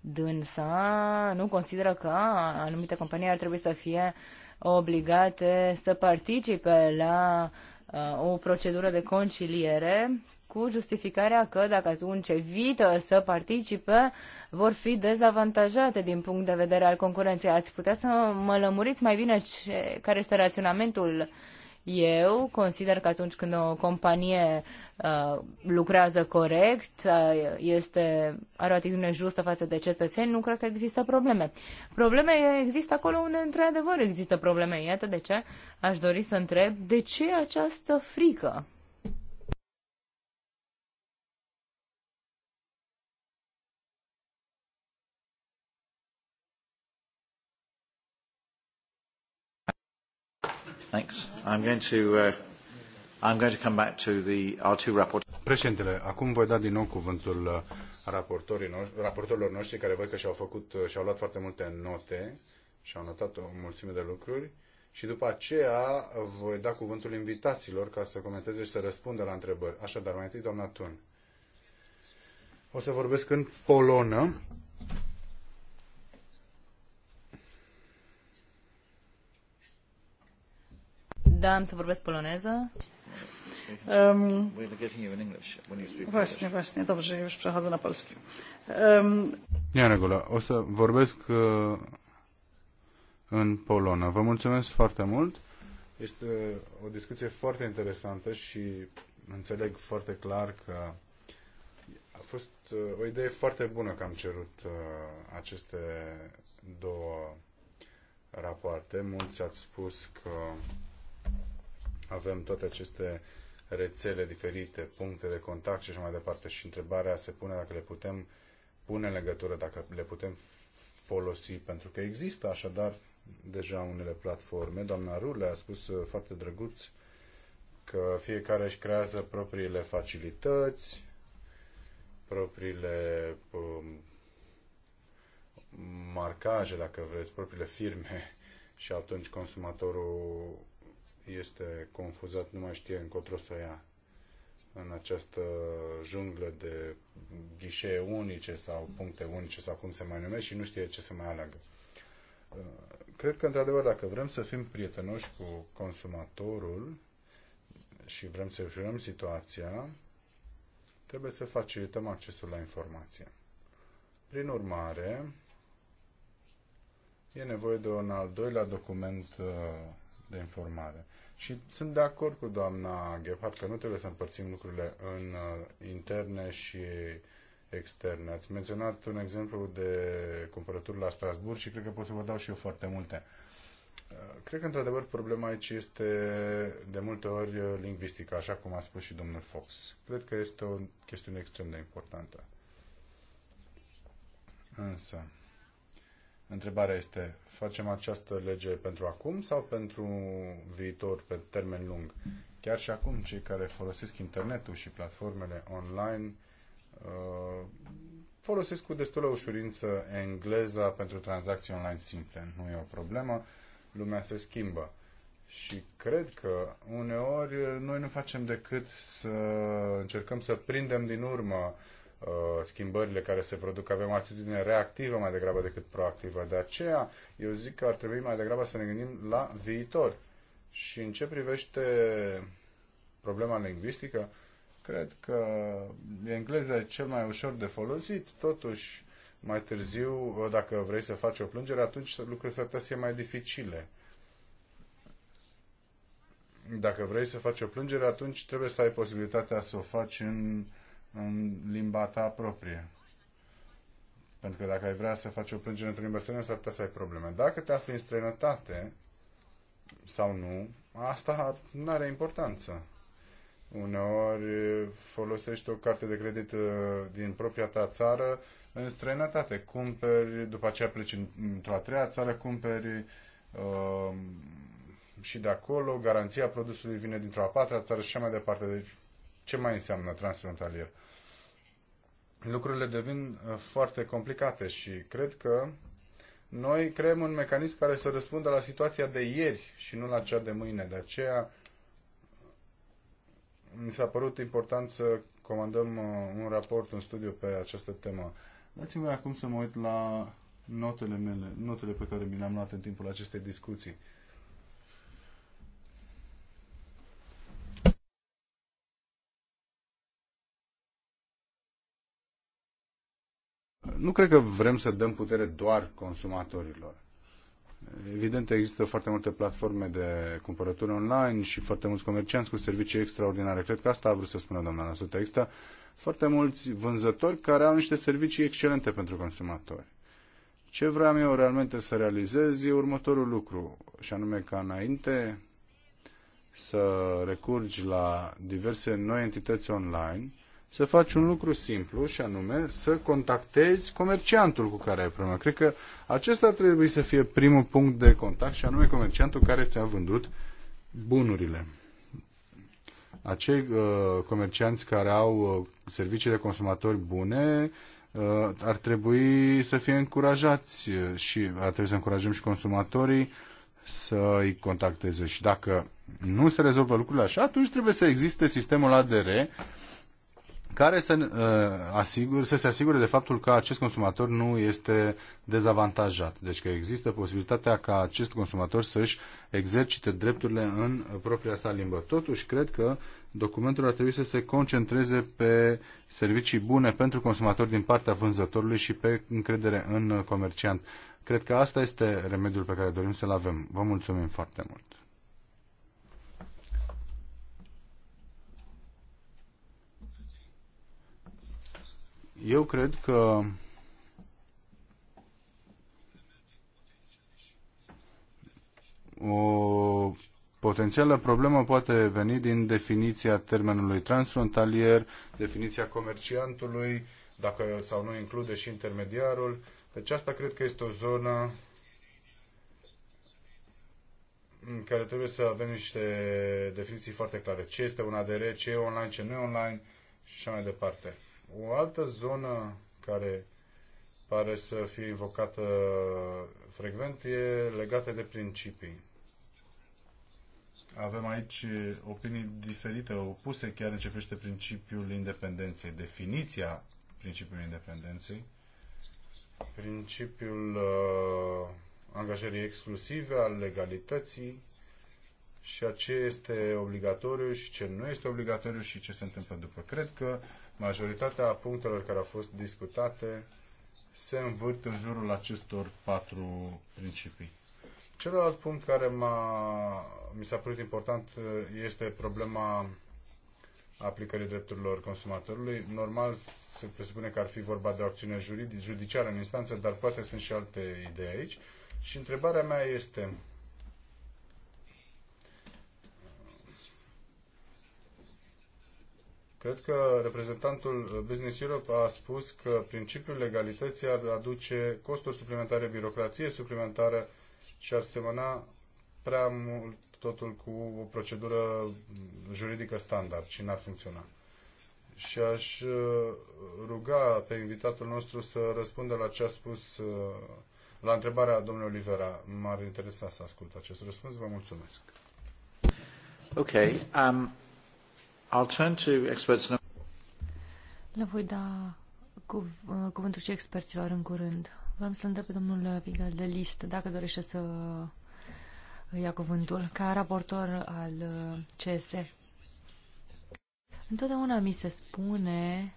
Dânsa nu consideră că anumite companii ar trebui să fie obligate să participe la Uh, o procedură de conciliere cu justificarea că dacă atunci evită să participe, vor fi dezavantajate din punct de vedere al concurenței. Ați putea să mă lămuriți mai bine ce, care este raționamentul eu consider că atunci când o companie uh, lucrează corect, uh, este, are o atitudine justă față de cetățeni, nu cred că există probleme. Probleme există acolo unde într-adevăr există probleme. Iată de ce aș dori să întreb de ce această frică Thanks. I'm going to, uh, I'm going to come back to the, Președintele, acum voi da din nou cuvântul uh, raportorilor, raportorilor noștri care văd că și-au făcut, uh, și-au luat foarte multe note și au notat o mulțime de lucruri și după aceea uh, voi da cuvântul invitaților ca să comenteze și să răspundă la întrebări. Așadar, mai întâi doamna Tun. O să vorbesc în polonă Da, am să vorbesc poloneză. Um, właśnie, właśnie, dobrze, już przechodzę na polski. Um, ehm, Nie, o să vorbesc uh, în polonă. Vă mulțumesc foarte mult. Este o discuție foarte interesantă și înțeleg foarte clar că a fost o idee foarte bună că am cerut aceste două rapoarte. Mulți ați spus că avem toate aceste rețele diferite, puncte de contact și așa mai departe. Și întrebarea se pune dacă le putem pune în legătură, dacă le putem folosi, pentru că există așadar deja unele platforme. Doamna Rule a spus uh, foarte drăguț că fiecare își creează propriile facilități, propriile um, marcaje, dacă vreți, propriile firme <laughs> și atunci consumatorul este confuzat, nu mai știe încotro să o ia în această junglă de ghișee unice sau puncte unice sau cum se mai numește și nu știe ce să mai aleagă. Uh, cred că, într-adevăr, dacă vrem să fim prietenoși cu consumatorul și vrem să ușurăm situația, trebuie să facilităm accesul la informație. Prin urmare, e nevoie de un al doilea document uh, de informare. Și sunt de acord cu doamna Gebhardt că nu trebuie să împărțim lucrurile în uh, interne și externe. Ați menționat un exemplu de cumpărături la Strasburg și cred că pot să vă dau și eu foarte multe. Uh, cred că, într-adevăr, problema aici este de multe ori lingvistică, așa cum a spus și domnul Fox. Cred că este o chestiune extrem de importantă. Însă, Întrebarea este, facem această lege pentru acum sau pentru viitor, pe termen lung? Chiar și acum, cei care folosesc internetul și platformele online uh, folosesc cu destulă ușurință engleza pentru tranzacții online simple. Nu e o problemă, lumea se schimbă. Și cred că uneori noi nu facem decât să încercăm să prindem din urmă uh, Uh, schimbările care se produc, avem o atitudine reactivă mai degrabă decât proactivă. De aceea, eu zic că ar trebui mai degrabă să ne gândim la viitor. Și în ce privește problema lingvistică, cred că engleza e cel mai ușor de folosit, totuși mai târziu, dacă vrei să faci o plângere, atunci lucrurile s-ar putea să fie mai dificile. Dacă vrei să faci o plângere, atunci trebuie să ai posibilitatea să o faci în în limba ta proprie. Pentru că dacă ai vrea să faci o plângere într-o limbă străină, s-ar putea să ai probleme. Dacă te afli în străinătate sau nu, asta nu are importanță. Uneori folosești o carte de credit uh, din propria ta țară în străinătate. Cumperi, după aceea pleci într-o a treia țară, cumperi uh, și de acolo, garanția produsului vine dintr-o a patra țară și așa mai departe. Deci ce mai înseamnă transfrontalier. Lucrurile devin uh, foarte complicate și cred că noi creăm un mecanism care să răspundă la situația de ieri și nu la cea de mâine. De aceea mi s-a părut important să comandăm uh, un raport, un studiu pe această temă. Dați-mi voi acum să mă uit la notele mele, notele pe care mi le-am luat în timpul acestei discuții. nu cred că vrem să dăm putere doar consumatorilor. Evident, există foarte multe platforme de cumpărături online și foarte mulți comercianți cu servicii extraordinare. Cred că asta a vrut să spună doamna Nasuta. Există foarte mulți vânzători care au niște servicii excelente pentru consumatori. Ce vreau eu realmente să realizez e următorul lucru, și anume ca înainte să recurgi la diverse noi entități online, să faci un lucru simplu și anume să contactezi comerciantul cu care ai problema. Cred că acesta trebuie să fie primul punct de contact și anume comerciantul care ți-a vândut bunurile. Acei uh, comercianți care au uh, servicii de consumatori bune uh, ar trebui să fie încurajați uh, și ar trebui să încurajăm și consumatorii să îi contacteze. Și dacă nu se rezolvă lucrurile așa, atunci trebuie să existe sistemul ADR care să, uh, asigur, să se asigure de faptul că acest consumator nu este dezavantajat. Deci că există posibilitatea ca acest consumator să-și exercite drepturile în propria sa limbă. Totuși, cred că documentul ar trebui să se concentreze pe servicii bune pentru consumator din partea vânzătorului și pe încredere în comerciant. Cred că asta este remediul pe care dorim să-l avem. Vă mulțumim foarte mult! Eu cred că o potențială problemă poate veni din definiția termenului transfrontalier, definiția comerciantului, dacă sau nu include și intermediarul. Deci asta cred că este o zonă în care trebuie să avem niște definiții foarte clare. Ce este un ADR, ce e online, ce nu e online și așa mai departe. O altă zonă care pare să fie invocată frecvent e legată de principii. Avem aici opinii diferite, opuse, chiar începește principiul independenței, definiția principiului independenței, principiul uh, angajării exclusive, al legalității și a ce este obligatoriu și ce nu este obligatoriu și ce se întâmplă după. Cred că uh, Majoritatea punctelor care au fost discutate se învârt în jurul acestor patru principii. Celălalt punct care mi s-a părut important uh, este problema aplicării drepturilor consumatorului. Normal, se presupune că ar fi vorba de o acțiune judiciară în instanță, dar poate sunt și alte idei aici. Și întrebarea mea este, Cred că reprezentantul Business Europe a spus că principiul legalității ar aduce costuri suplimentare, birocrație suplimentară și ar semăna prea mult totul cu o procedură juridică standard și n-ar funcționa. Și aș uh, ruga pe invitatul nostru să răspundă la ce a spus uh, la întrebarea domnului Olivera. M-ar interesa să ascult acest răspuns. Vă mulțumesc. Okay. Um... I'll turn to experts now. Le voi da cuv- uh, cuvântul și experților în curând. Vreau să întreb pe domnul Pigal de list dacă dorește să ia cuvântul ca raportor al uh, CS. Întotdeauna mi se spune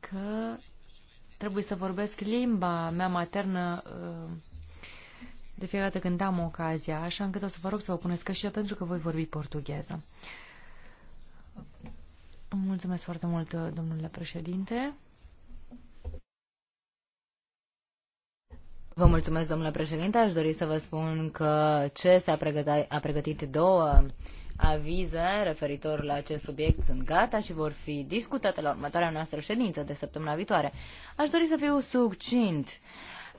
că trebuie să vorbesc limba mea maternă uh, de fiecare dată când am ocazia, așa încât o să vă rog să vă puneți căștile pentru că voi vorbi portugheză. Mulțumesc foarte mult, domnule președinte. Vă mulțumesc, domnule președinte. Aș dori să vă spun că s a pregătit, a pregătit două avize referitor la acest subiect sunt gata și vor fi discutate la următoarea noastră ședință de săptămâna viitoare. Aș dori să fiu succint.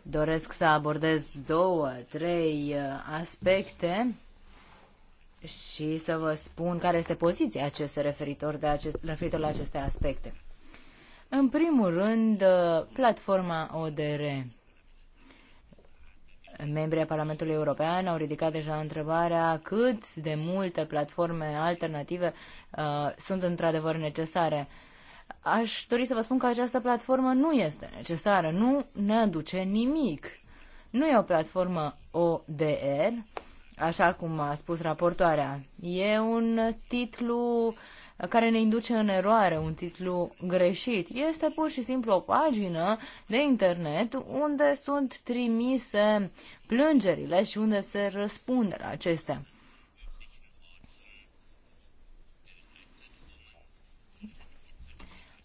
Doresc să abordez două, trei uh, aspecte și să vă spun care este poziția acest referitor, de acest, referitor la aceste aspecte. În primul rând, uh, platforma ODR. Membrii Parlamentului European au ridicat deja întrebarea cât de multe platforme alternative uh, sunt într-adevăr necesare. Aș dori să vă spun că această platformă nu este necesară, nu ne aduce nimic. Nu e o platformă ODR, așa cum a spus raportoarea. E un titlu care ne induce în eroare, un titlu greșit. Este pur și simplu o pagină de internet unde sunt trimise plângerile și unde se răspunde la acestea.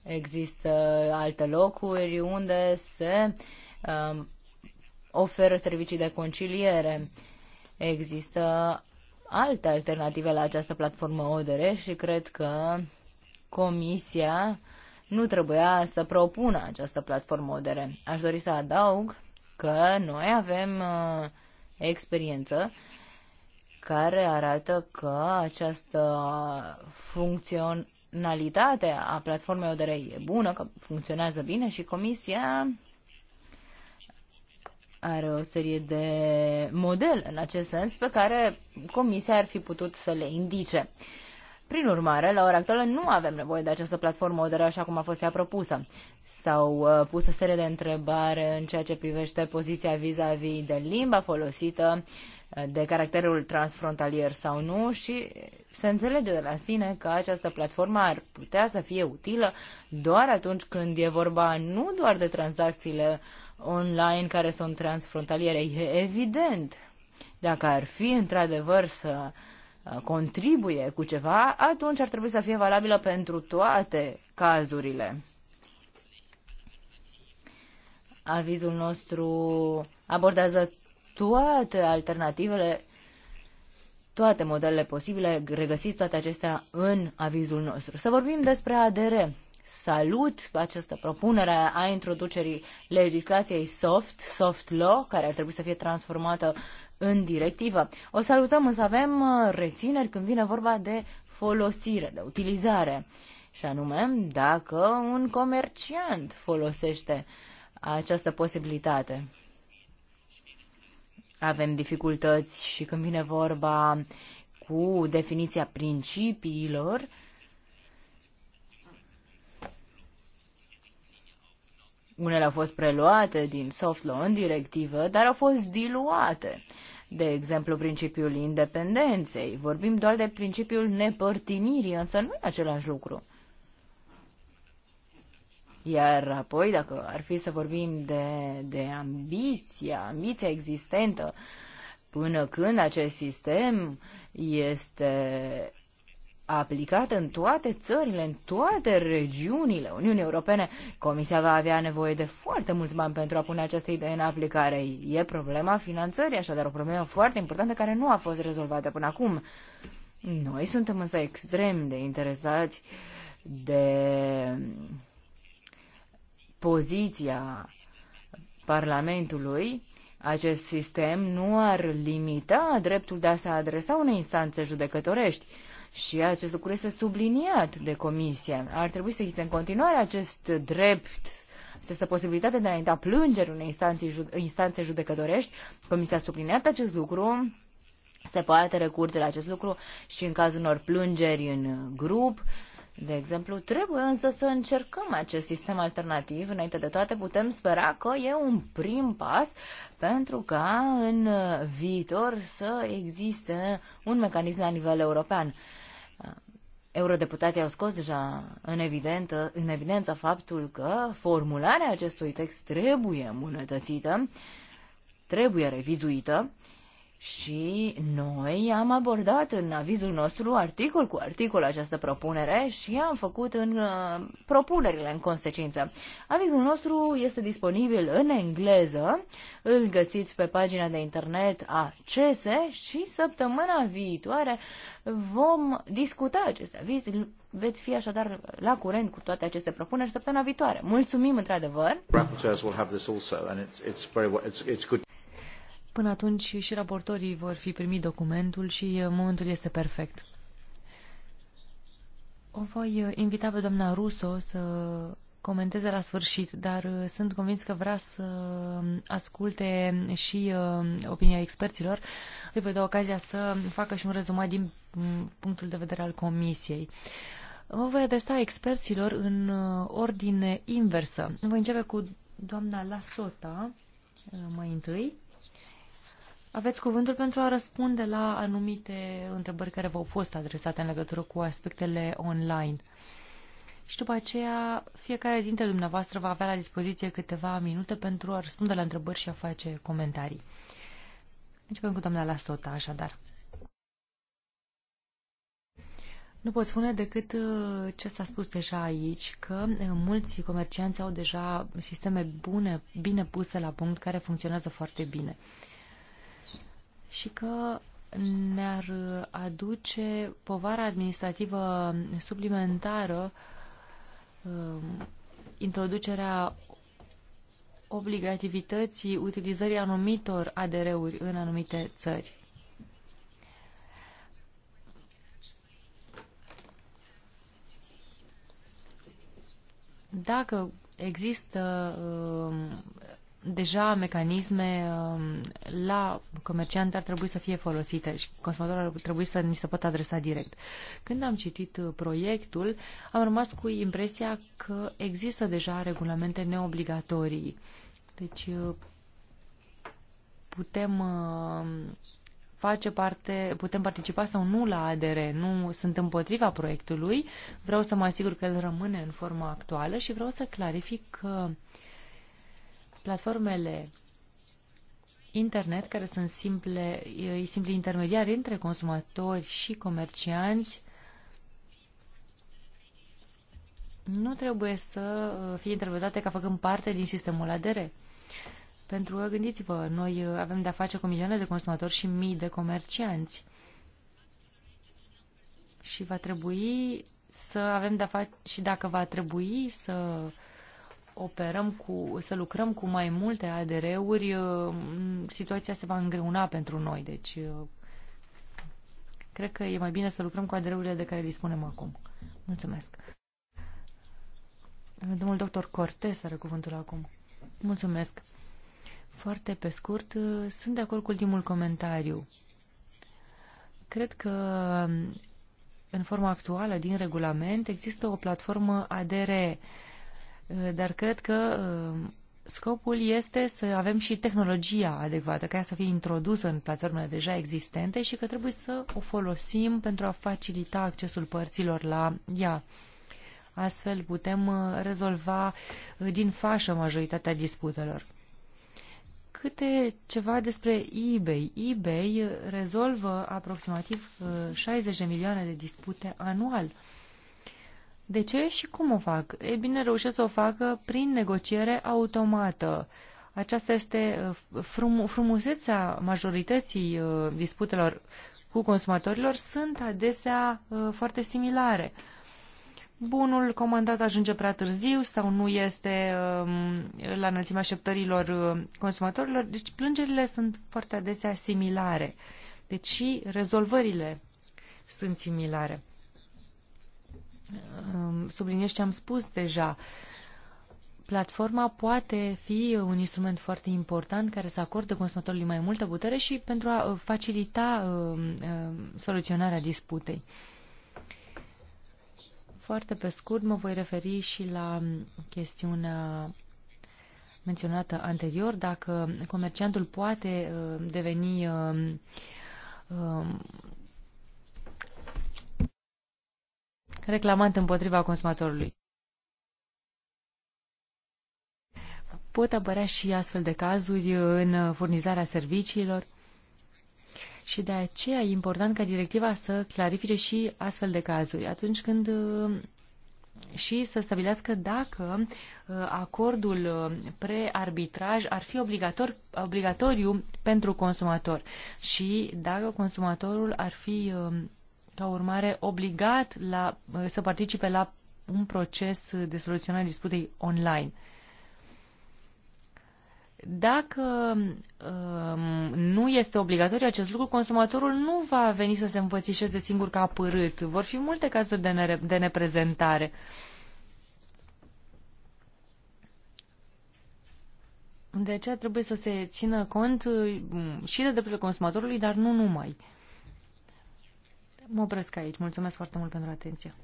Există alte locuri unde se uh, oferă servicii de conciliere. Uh, Există alte alternative la această platformă ODR și cred că Comisia nu trebuia să propună această platformă ODR. Aș dori să adaug că noi avem uh, experiență care arată că această funcționalitate a platformei ODR e bună, că funcționează bine și comisia are o serie de modele în acest sens pe care Comisia ar fi putut să le indice. Prin urmare, la ora actuală nu avem nevoie de această platformă ODR așa cum a fost ea propusă. S-au uh, pus o serie de întrebare în ceea ce privește poziția vis-a-vis -vis de limba folosită, uh, de caracterul transfrontalier sau nu și se înțelege de la sine că această platformă ar putea să fie utilă doar atunci când e vorba nu doar de tranzacțiile uh, online care sunt transfrontaliere. E evident, dacă ar fi într-adevăr să uh, contribuie cu ceva, atunci ar trebui să fie valabilă pentru toate cazurile. Avizul nostru abordează toate alternativele, toate modelele posibile, regăsiți toate acestea în avizul nostru. Să vorbim despre ADR salut această propunere a introducerii legislației soft, soft law, care ar trebui să fie transformată în directivă. O salutăm, însă avem uh, rețineri când vine vorba de folosire, de utilizare. Și anume, dacă un comerciant folosește această posibilitate. Avem dificultăți și când vine vorba cu definiția principiilor Unele au fost preluate din soft law în directivă, dar au fost diluate. De exemplu, principiul independenței. Vorbim doar de principiul nepărtinirii, însă nu e același lucru. Iar apoi, dacă ar fi să vorbim de, de ambiția, ambiția existentă, până când acest sistem este aplicat în toate țările, în toate regiunile Uniunii Europene, Comisia va avea nevoie de foarte mulți bani pentru a pune această idee în aplicare. E problema finanțării, așadar o problemă foarte importantă care nu a fost rezolvată până acum. Noi suntem însă extrem de interesați de poziția Parlamentului acest sistem nu ar limita dreptul de a se adresa unei instanțe judecătorești. Și acest lucru este subliniat de comisie. Ar trebui să existe în continuare acest drept această posibilitate de a înainta plângeri unei instanțe, judecătorești. Comisia a subliniat acest lucru. Se poate recurge la acest lucru și în cazul unor plângeri în grup. Uh, de exemplu, trebuie însă să încercăm acest sistem alternativ. Înainte de toate, putem spera că e un prim pas pentru ca în viitor să existe un mecanism la nivel european. Eurodeputații au scos deja în, evidentă, în evidență faptul că formularea acestui text trebuie îmbunătățită, trebuie revizuită și noi am abordat în avizul nostru articol cu articol această propunere și am făcut în uh, propunerile în consecință. Avizul nostru este disponibil în engleză, îl găsiți pe pagina de internet a CESE și săptămâna viitoare vom discuta acest aviz. Veți fi așadar la curent cu toate aceste propuneri săptămâna viitoare. Mulțumim într-adevăr! Până atunci și raportorii vor fi primit documentul și uh, momentul este perfect. O voi uh, invita pe doamna Ruso să comenteze la sfârșit, dar uh, sunt convins că vrea să um, asculte și opinia experților. Îi voi da ocazia să facă și un rezumat din mm, punctul de vedere al comisiei. Vă voi adresa experților în ordine inversă. Voi începe cu doamna Lasota mai întâi. Aveți cuvântul pentru a răspunde la anumite întrebări care v-au fost adresate în legătură cu aspectele online. Și după aceea, fiecare dintre dumneavoastră va avea la dispoziție câteva minute pentru a răspunde la întrebări și a face comentarii. Începem cu doamna Lastota, așadar. Nu pot spune decât uh, ce s-a spus deja aici, că uh, mulți comercianți au deja sisteme bune, bine puse la punct, care funcționează foarte bine și că ne-ar aduce povara administrativă suplimentară um, introducerea obligativității utilizării anumitor ADR-uri în anumite țări. Dacă există um, deja mecanisme um, la comerciant ar trebui să fie folosite și consumatorul ar trebui să ni se poată adresa direct. Când am citit uh, proiectul, am rămas cu impresia că există deja regulamente neobligatorii. Deci uh, putem um, face parte, putem participa sau nu la ADR. Nu sunt împotriva proiectului, vreau să mă asigur că el rămâne în forma actuală și vreau să clarific că uh, platformele internet, care sunt simple, simple intermediari între consumatori și comercianți, nu trebuie să fie interpretate ca făcând parte din sistemul ADR. Pentru că, gândiți-vă, noi avem de-a face cu milioane de consumatori și mii de comercianți. Și va trebui să avem de-a face, și dacă va trebui să operăm cu, să lucrăm cu mai multe ADR-uri, uh, situația se va îngreuna pentru noi. Deci, uh, cred că e mai bine să lucrăm cu ADR-urile de care dispunem acum. Mulțumesc. Domnul doctor Cortes are cuvântul acum. Mulțumesc. Foarte pe scurt, uh, sunt de acord cu ultimul comentariu. Cred că în forma actuală din regulament există o platformă ADR Eh, dar cred că eh, scopul este să avem și tehnologia adecvată, ca să fie introdusă în platformele deja existente și că trebuie să o folosim pentru a facilita accesul părților la ea. Astfel putem eh, rezolva din fașă majoritatea disputelor. Câte ceva despre eBay. eBay rezolvă aproximativ 60 de milioane de dispute anual. De ce și cum o fac? E bine, reușesc să o facă prin negociere automată. Aceasta este uh, frum, frumusețea majorității uh, disputelor cu consumatorilor sunt adesea uh, foarte similare. Bunul comandat ajunge prea târziu sau nu este um, la înălțimea așteptărilor consumatorilor, deci plângerile sunt foarte adesea similare. Deci și rezolvările sunt similare. Ehm, subliniez ce am spus deja. Platforma poate fi un instrument foarte important care să acorde consumatorului mai multă putere și pentru a uh, facilita ehm, ehm, soluționarea disputei. Foarte pe scurt mă voi referi și la chestiunea menționată anterior, dacă comerciantul poate deveni reclamant împotriva consumatorului. Pot apărea și astfel de cazuri în furnizarea serviciilor și de aceea e important ca directiva să clarifice și astfel de cazuri atunci când uh, și să stabilească dacă uh, acordul uh, pre-arbitraj ar fi obligator, obligatoriu pentru consumator și dacă consumatorul ar fi ca urmare, obligat la, uh, să participe la un proces de soluționare disputei online. Dacă um, nu este obligatoriu acest lucru, consumatorul nu va veni să se de singur ca apărât. Vor fi multe cazuri de, ne- de neprezentare. De aceea trebuie să se țină cont uh, și de drepturile consumatorului, dar nu numai. Mă opresc aici. Mulțumesc foarte mult pentru atenție.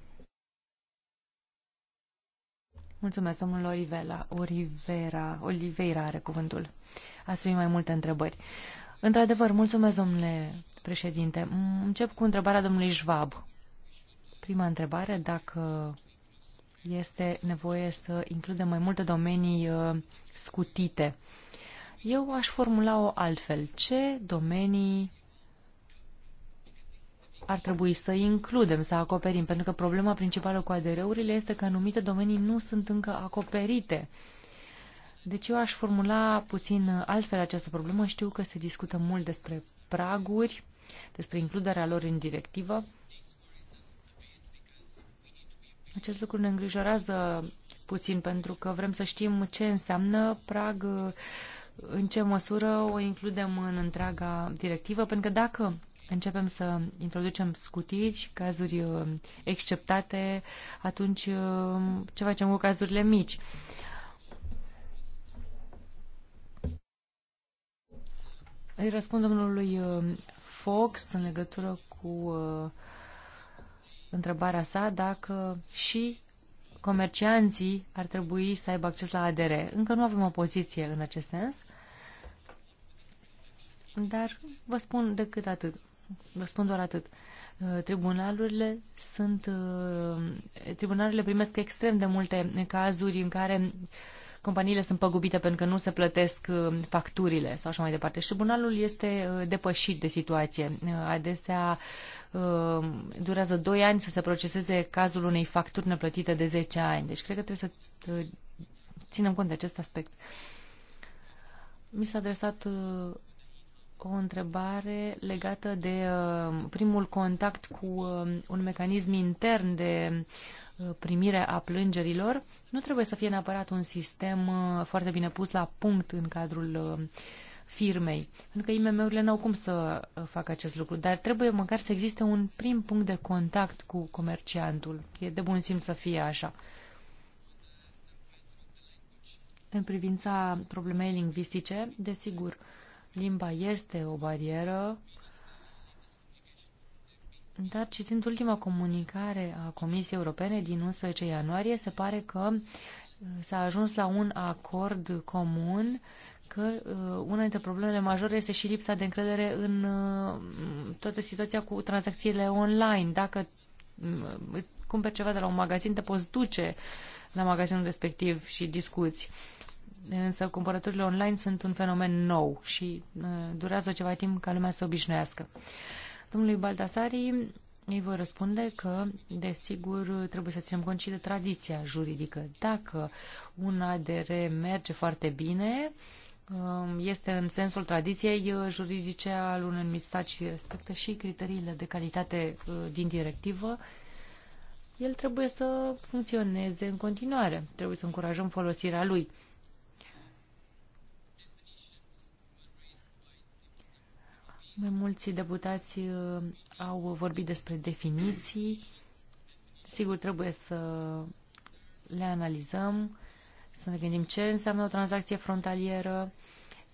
Mulțumesc, domnul Orivela. Orivera, Oliveira are cuvântul. Ați primit mai multe întrebări. Într-adevăr, mulțumesc, domnule președinte. Încep cu întrebarea domnului Schwab. Prima întrebare, dacă este nevoie să includem mai multe domenii uh, scutite. Eu aș formula-o altfel. Ce domenii ar trebui să includem, să acoperim, pentru că problema principală cu ADR-urile este că anumite domenii nu sunt încă acoperite. Deci eu aș formula puțin altfel această problemă. Știu că se discută mult despre praguri, despre includerea lor în directivă. Acest lucru ne îngrijorează puțin pentru că vrem să știm ce înseamnă prag, în ce măsură o includem în întreaga directivă, pentru că dacă începem să introducem scutiri și cazuri uh, exceptate, atunci uh, ce facem cu cazurile mici? Îi răspund domnului uh, Fox în legătură cu întrebarea sa dacă și comercianții ar trebui să aibă acces la ADR. Încă nu avem o poziție în acest sens, dar vă spun decât atât. Vă spun doar atât. Uh, tribunalurile sunt... Uh, tribunalurile primesc extrem de multe cazuri în care companiile sunt păgubite pentru că nu se plătesc uh, facturile sau așa mai departe. Și tribunalul este depășit de situație. Adesea durează 2 ani să se proceseze cazul unei facturi neplătite de 10 ani. Deci cred că trebuie să ținem cont de acest aspect. Mi s-a adresat o întrebare legată de uh, primul contact cu uh, un mecanism intern de uh, primire a plângerilor. Nu trebuie să fie neapărat un sistem foarte bine pus la punct în cadrul firmei, pentru că IMM-urile n-au cum să facă acest lucru, dar trebuie măcar să existe un prim punct de contact cu comerciantul. E de bun simț să fie așa. În privința problemei lingvistice, desigur, uh, Limba este o barieră, dar citind ultima comunicare a Comisiei Europene din 11 ianuarie, se pare că uh, s-a ajuns la un acord comun că uh, una dintre problemele majore este și lipsa de încredere în uh, toată situația cu tranzacțiile online. Dacă cumperi ceva de la un magazin, te poți duce la magazinul respectiv și discuți însă cumpărăturile online sunt un fenomen nou și uh, durează ceva timp ca lumea să obișnuiască. Domnului Baltasari îi voi răspunde că, desigur, trebuie să ținem cont și de tradiția juridică. Dacă un ADR merge foarte bine, um, este în sensul tradiției juridice al unui anumit stat și respectă și criteriile de calitate uh, din directivă, el trebuie să funcționeze în continuare. Trebuie să încurajăm folosirea lui. Mai mulți deputați uh, au vorbit despre definiții. Sigur, trebuie să le analizăm, să ne gândim ce înseamnă o tranzacție frontalieră,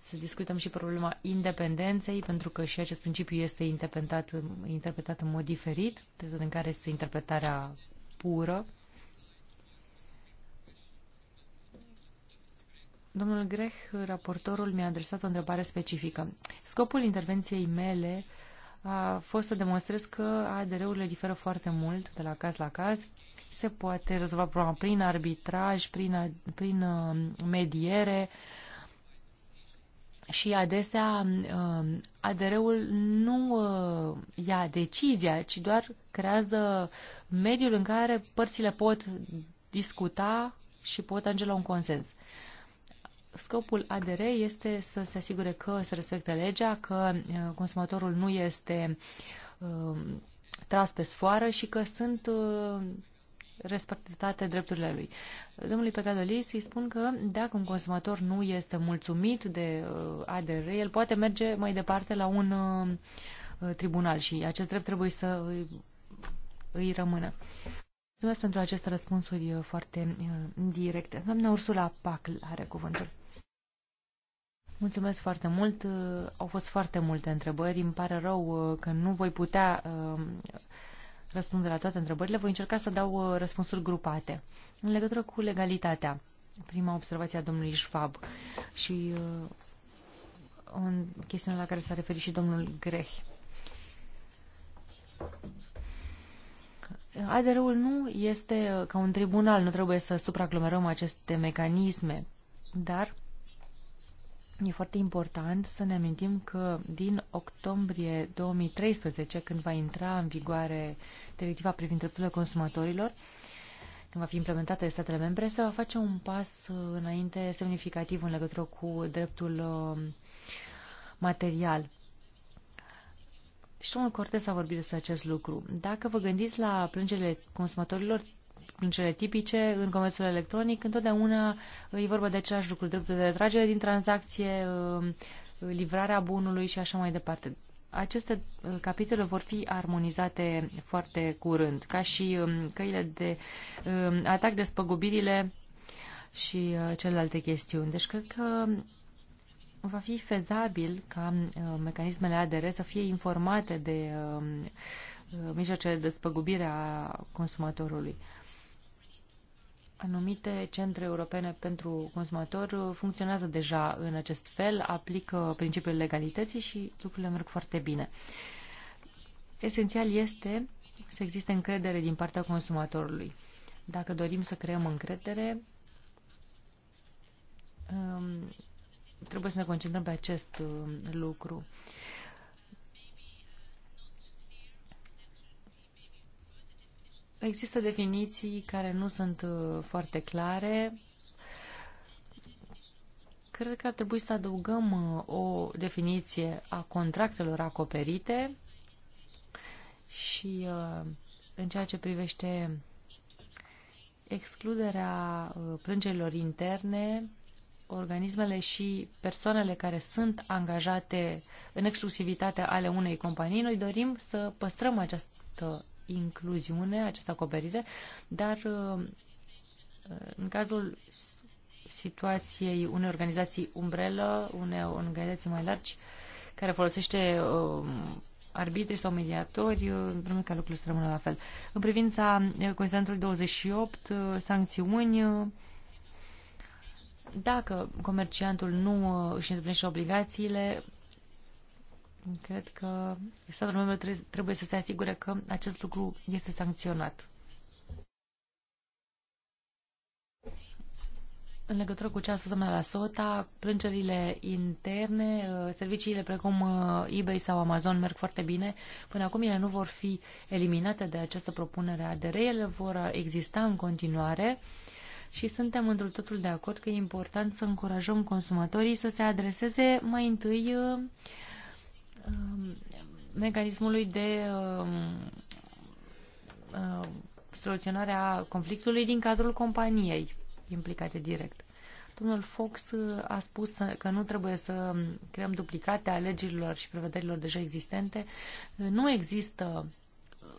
să discutăm și problema independenței, pentru că și acest principiu este interpretat, interpretat în mod diferit, în care este interpretarea pură Domnul Greh, raportorul, mi-a adresat o întrebare specifică. Scopul intervenției mele a fost să demonstrez că ADR-urile diferă foarte mult de la caz la caz. Se poate rezolva problema prin arbitraj, prin, prin uh, mediere și adesea uh, ADR-ul nu uh, ia decizia, ci doar creează mediul în care părțile pot discuta și pot ajunge la un consens. Uh, Scopul ADR este să se asigure că se respectă legea, că uh, consumatorul nu este uh, tras pe sfoară și că sunt uh, respectate drepturile lui. Domnului Pecadolis îi spun că dacă un consumator nu este mulțumit de ADR, el poate merge mai departe la un tribunal și acest drept trebuie să îi, îi rămână. Mulțumesc pentru aceste răspunsuri foarte directe. Doamna Ursula Pac are cuvântul. Mulțumesc foarte mult. Uh, au fost foarte multe întrebări. Îmi pare rău uh, că nu voi putea uh, răspunde la toate întrebările. Voi încerca să dau răspunsuri grupate. În legătură cu legalitatea, prima observație a domnului Schwab și o chestiune la care s-a referit și domnul Greh. ADR-ul nu este ca un tribunal, nu trebuie să supraaglomerăm aceste mecanisme, dar E foarte important să ne amintim că din octombrie 2013, când va intra în vigoare directiva privind drepturile consumatorilor, când va fi implementată de statele membre, se va face un pas înainte semnificativ în legătură cu dreptul uh, material. Și domnul Cortes a vorbit despre acest lucru. Dacă vă gândiți la plângerile consumatorilor, prin cele tipice în comerțul electronic, întotdeauna e vorba de același lucru, dreptul de retragere din tranzacție, um, livrarea bunului și așa mai departe. Aceste uh, capitole vor fi armonizate foarte curând, ca și um, căile de um, atac, despăgubirile și uh, celelalte chestiuni. Deci cred că va fi fezabil ca uh, mecanismele ADR să fie informate de mijloacele de spăgubire a consumatorului. Anumite centre europene pentru consumator uh, funcționează deja în acest fel, aplică principiul legalității și lucrurile merg foarte bine. Esențial este să existe încredere din partea consumatorului. Dacă dorim să creăm încredere, um, trebuie să ne concentrăm pe acest um, lucru. Există definiții care nu sunt uh, foarte clare. Cred că ar trebui să adăugăm uh, o definiție a contractelor acoperite și uh, în ceea ce privește excluderea plângerilor interne, organismele și persoanele care sunt angajate în exclusivitatea ale unei companii, noi dorim să păstrăm această incluziune, această acoperire, dar uh, în cazul situației unei organizații umbrelă, unei organizații mai largi, care folosește uh, arbitri sau mediatori, vreau uh, ca lucrurile să rămână la fel. În privința Constitutului 28, sancțiuni, dacă comerciantul nu își îndeplinește obligațiile, Cred că statul membru trebuie să se asigure că acest lucru este sancționat. În legătură cu ce a spus doamna la SOTA, plângerile interne, uh, serviciile precum uh, eBay sau Amazon merg foarte bine. Până acum ele nu vor fi eliminate de această propunere a ele vor uh, exista în continuare și suntem într totul de acord că e important să încurajăm consumatorii să se adreseze mai întâi uh, Um, mecanismului de um, um, soluționare a conflictului din cadrul companiei implicate direct. Domnul Fox a spus că nu trebuie să creăm duplicate a legilor și prevederilor deja existente. Nu există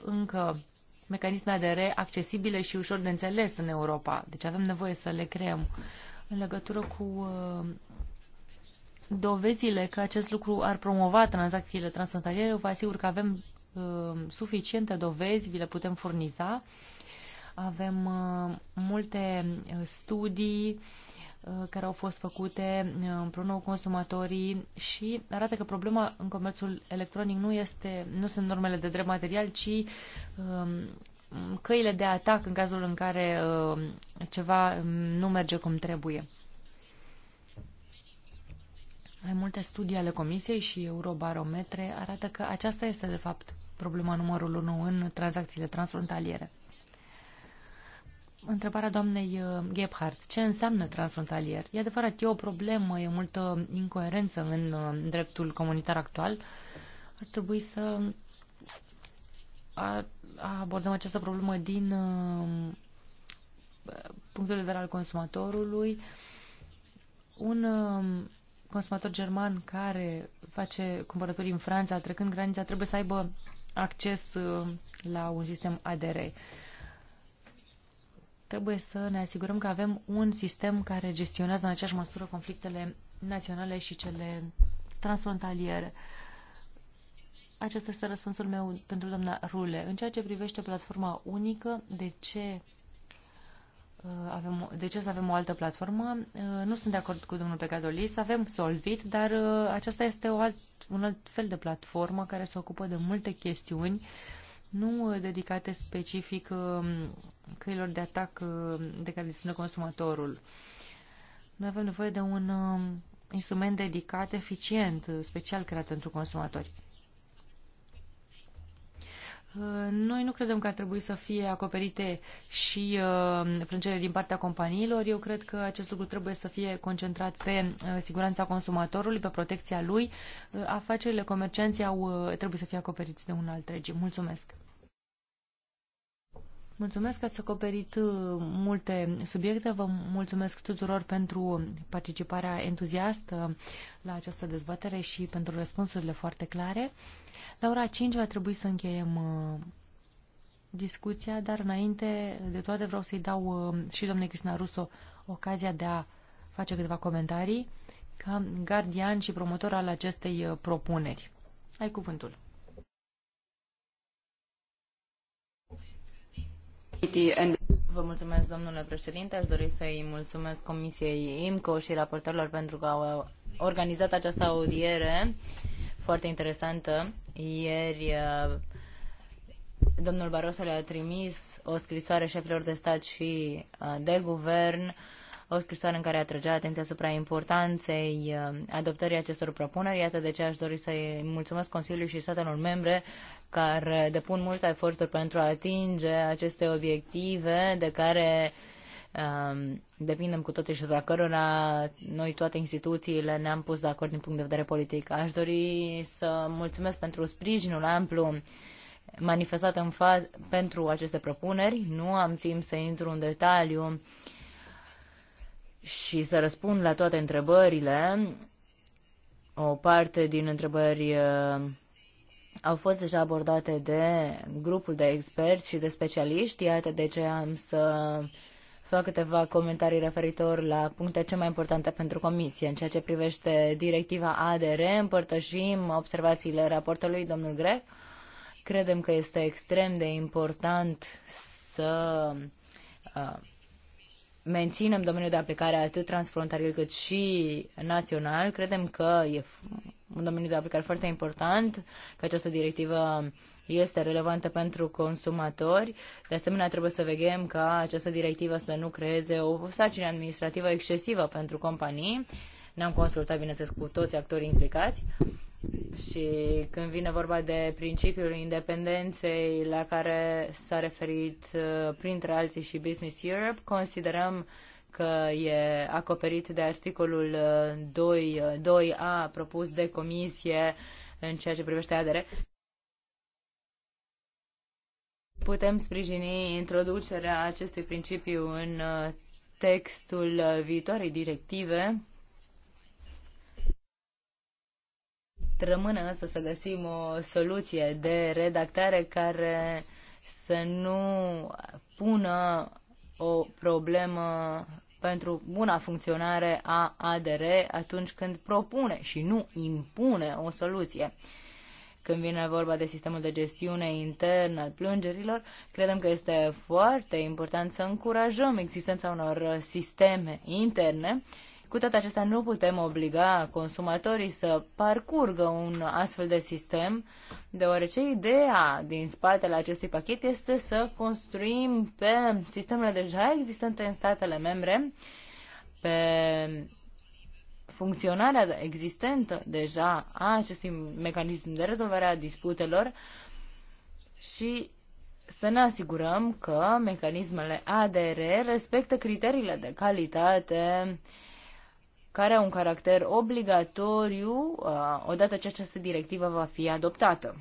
încă mecanisme de re accesibile și ușor de înțeles în Europa. Deci avem nevoie să le creăm. În legătură cu uh, dovezile că acest lucru ar promova tranzacțiile transfrontaliere, vă asigur că avem uh, suficiente dovezi, vi le putem furniza. Avem uh, multe uh, studii uh, care au fost făcute uh, împreună cu consumatorii și arată că problema în comerțul electronic nu, este, nu sunt normele de drept material, ci um, căile de atac în cazul în care ceva mm, nu merge cum trebuie. Mai multe studii ale Comisiei și eurobarometre arată că aceasta este, de fapt, problema numărul 1 în tranzacțiile transfrontaliere. Întrebarea doamnei uh, Gebhardt. Ce înseamnă transfrontalier? E adevărat, e o problemă, e multă incoerență în uh, dreptul comunitar actual. Ar trebui să abordăm această problemă din uh, punctul de vedere al consumatorului. Un consumator german care face cumpărături în Franța, trecând granița, trebuie să aibă acces uh, la un sistem ADR. Trebuie să ne asigurăm că avem un sistem care gestionează în aceeași măsură conflictele naționale și cele transfrontaliere. Acesta este răspunsul meu pentru doamna Rule. În ceea ce privește platforma unică, de ce Uh, avem, de ce să avem o altă platformă? Uh, nu sunt de acord cu domnul Pecadolis, avem Solvit, dar uh, aceasta este o alt, un alt fel de platformă care se ocupă de multe chestiuni, nu dedicate specific căilor de atac de care dispune consumatorul. Noi avem nevoie de un instrument dedicat, eficient, special creat pentru consumatori. Uh, noi nu credem că ar trebui să fie acoperite și uh, plângerile din partea companiilor. Eu cred că acest lucru trebuie să fie concentrat pe uh, siguranța consumatorului, pe protecția lui. Afacerile comercianții au, trebuie să fie acoperiți de un alt regim. Mulțumesc! Mulțumesc că ați acoperit multe subiecte. Vă mulțumesc tuturor pentru participarea entuziastă la această dezbatere și pentru răspunsurile foarte clare. La ora 5 va trebui să încheiem uh, discuția, dar înainte de toate vreau să-i dau uh, și domnului Cristina Russo ocazia de a face câteva comentarii ca gardian și promotor al acestei uh, propuneri. Ai cuvântul. Vă mulțumesc, domnule președinte. Aș dori să-i mulțumesc Comisiei IMCO și raportorilor pentru că au organizat această audiere. Uh, foarte interesantă. Ieri uh, domnul Barroso le-a trimis o scrisoare șefilor de stat și uh, de guvern, o scrisoare în care atrăgea atenția asupra importanței uh, adoptării acestor propuneri. Iată de ce aș dori să-i mulțumesc Consiliului și statelor membre care depun multe eforturi pentru a atinge aceste obiective de care Um, depindem cu toate și la cărora noi toate instituțiile ne-am pus de acord din punct de vedere politic. Aș dori să mulțumesc pentru sprijinul amplu manifestat în fa- pentru aceste propuneri. Nu am timp să intru în detaliu și să răspund la toate întrebările. O parte din întrebări uh, au fost deja abordate de grupul de experți și de specialiști. Iată de ce am să fac câteva comentarii referitor la puncte ce mai importante pentru Comisie. În ceea ce privește directiva ADR, împărtășim observațiile raportului domnul Grec. Credem că este extrem de important să uh, menținem domeniul de aplicare atât transfrontalier cât și național. Credem că e un domeniu de aplicare foarte important, că această directivă este relevantă pentru consumatori. De asemenea, trebuie să vegem ca această directivă să nu creeze o sarcină administrativă excesivă pentru companii. Ne-am consultat, bineînțeles, cu toți actorii implicați. Și când vine vorba de principiul independenței la care s-a referit uh, printre alții și Business Europe, considerăm că e acoperit de articolul 2, uh, 2a uh, propus de comisie în ceea ce privește adere putem sprijini introducerea acestui principiu în uh, textul uh, viitoarei directive. Rămâne însă să găsim o soluție de redactare care să nu pună o problemă pentru buna funcționare a ADR atunci când propune și nu impune o soluție când vine vorba de sistemul de gestiune intern al plângerilor, credem că este foarte important să încurajăm existența unor sisteme interne. Cu toate acestea, nu putem obliga consumatorii să parcurgă un astfel de sistem, deoarece ideea din spatele acestui pachet este să construim pe sistemele deja existente în statele membre, pe funcționarea existentă deja a acestui mecanism de rezolvare a disputelor și să ne asigurăm că mecanismele ADR respectă criteriile de calitate care au un caracter obligatoriu uh, odată ce această directivă va fi adoptată.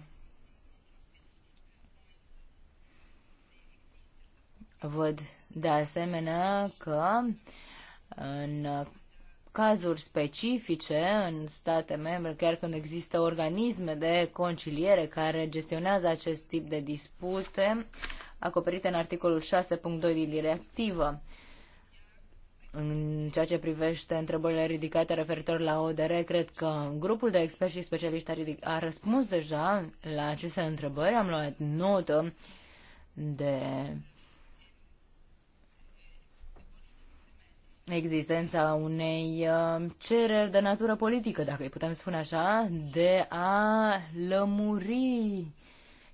Văd de asemenea că în cazuri specifice în state membre, chiar când există organisme de conciliere care gestionează acest tip de dispute, acoperite în articolul 6.2 din directivă. În ceea ce privește întrebările ridicate referitor la ODR, cred că grupul de experți și specialiști a, ridic- a răspuns deja la aceste întrebări. Am luat notă de existența unei uh, cereri de natură politică, dacă îi putem spune așa, de a lămuri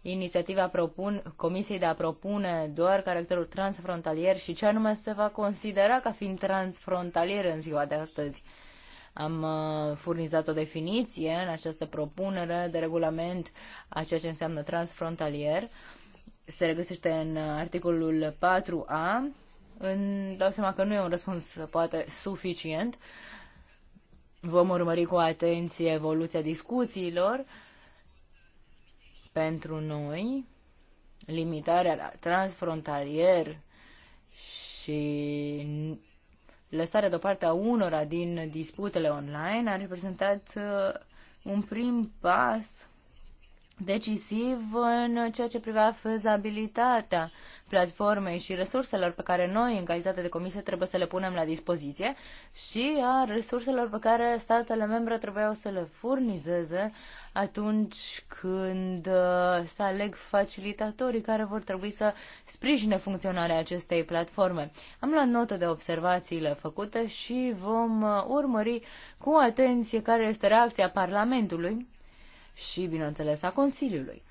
inițiativa propun, Comisiei de a propune doar caracterul transfrontalier și ce anume se va considera ca fiind transfrontalier în ziua de astăzi. Am uh, furnizat o definiție în această propunere de regulament a ceea ce înseamnă transfrontalier. Se regăsește în uh, articolul 4a în, dau seama că nu e un răspuns poate suficient. Vom urmări cu atenție evoluția discuțiilor. Pentru noi, limitarea la transfrontalier și lăsarea deoparte a unora din disputele online a reprezentat uh, un prim pas decisiv în ceea ce privea fezabilitatea platformei și resurselor pe care noi, în calitate de comisie, trebuie să le punem la dispoziție și a resurselor pe care statele membre trebuiau să le furnizeze atunci când uh, se aleg facilitatorii care vor trebui să sprijine funcționarea acestei platforme. Am luat notă de observațiile făcute și vom uh, urmări cu atenție care este reacția Parlamentului și, bineînțeles, a Consiliului.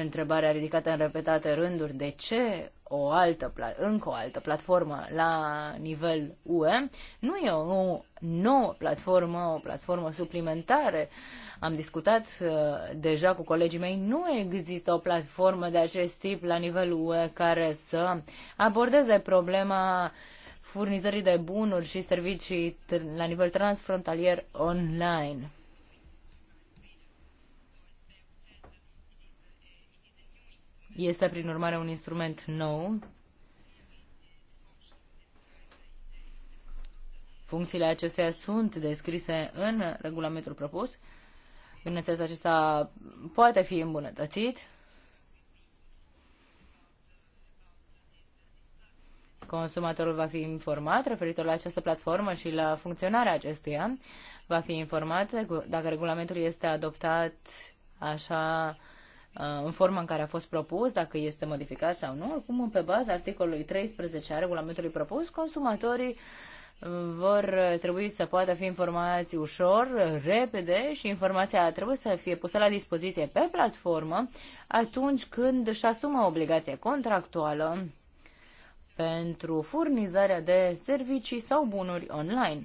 întrebarea ridicată în repetate rânduri de ce o altă, încă o altă platformă la nivel UE nu e o nouă platformă, o platformă suplimentare. Am discutat uh, deja cu colegii mei, nu există o platformă de acest tip la nivel UE care să abordeze problema furnizării de bunuri și servicii la nivel transfrontalier online. Este, prin urmare, un instrument nou. Funcțiile acestea sunt descrise în regulamentul propus. Bineînțeles, acesta poate fi îmbunătățit. Consumatorul va fi informat referitor la această platformă și la funcționarea acestuia. Va fi informat dacă regulamentul este adoptat așa Uh, în forma în care a fost propus, dacă este modificat sau nu, oricum pe baza articolului 13 a regulamentului propus, consumatorii uh, vor trebui să poată fi informați ușor, repede și informația trebuie să fie pusă la dispoziție pe platformă atunci când își asumă obligația contractuală pentru furnizarea de servicii sau bunuri online.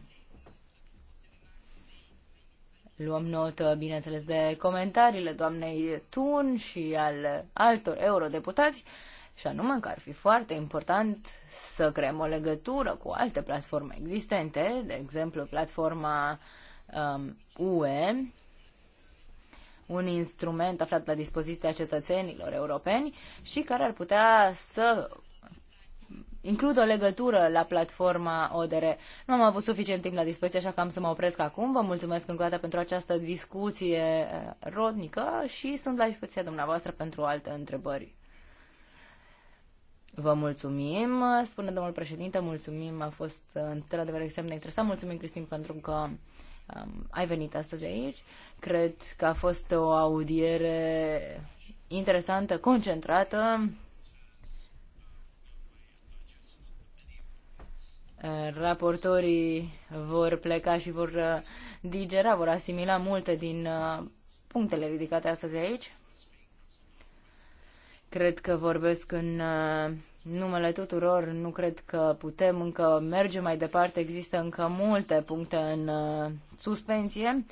Luăm notă, bineînțeles, de comentariile doamnei Tun și al altor eurodeputați, și anume că ar fi foarte important să creăm o legătură cu alte platforme existente, de exemplu platforma um, UE, un instrument aflat la dispoziția cetățenilor europeni și care ar putea să includ o legătură la platforma ODR. Nu am avut suficient timp la dispoziție, așa că am să mă opresc acum. Vă mulțumesc încă o dată pentru această discuție eh, rodnică și sunt la dispoziția dumneavoastră pentru alte întrebări. Vă mulțumim, spune domnul președinte, mulțumim, a fost eh, într-adevăr extrem de interesant. Mulțumim, Cristin, pentru că um, ai venit astăzi aici. Cred că a fost o audiere interesantă, concentrată. raportorii vor pleca și vor uh, digera, vor asimila multe din uh, punctele ridicate astăzi aici. Cred că vorbesc în uh, numele tuturor, nu cred că putem încă merge mai departe, există încă multe puncte în suspensie.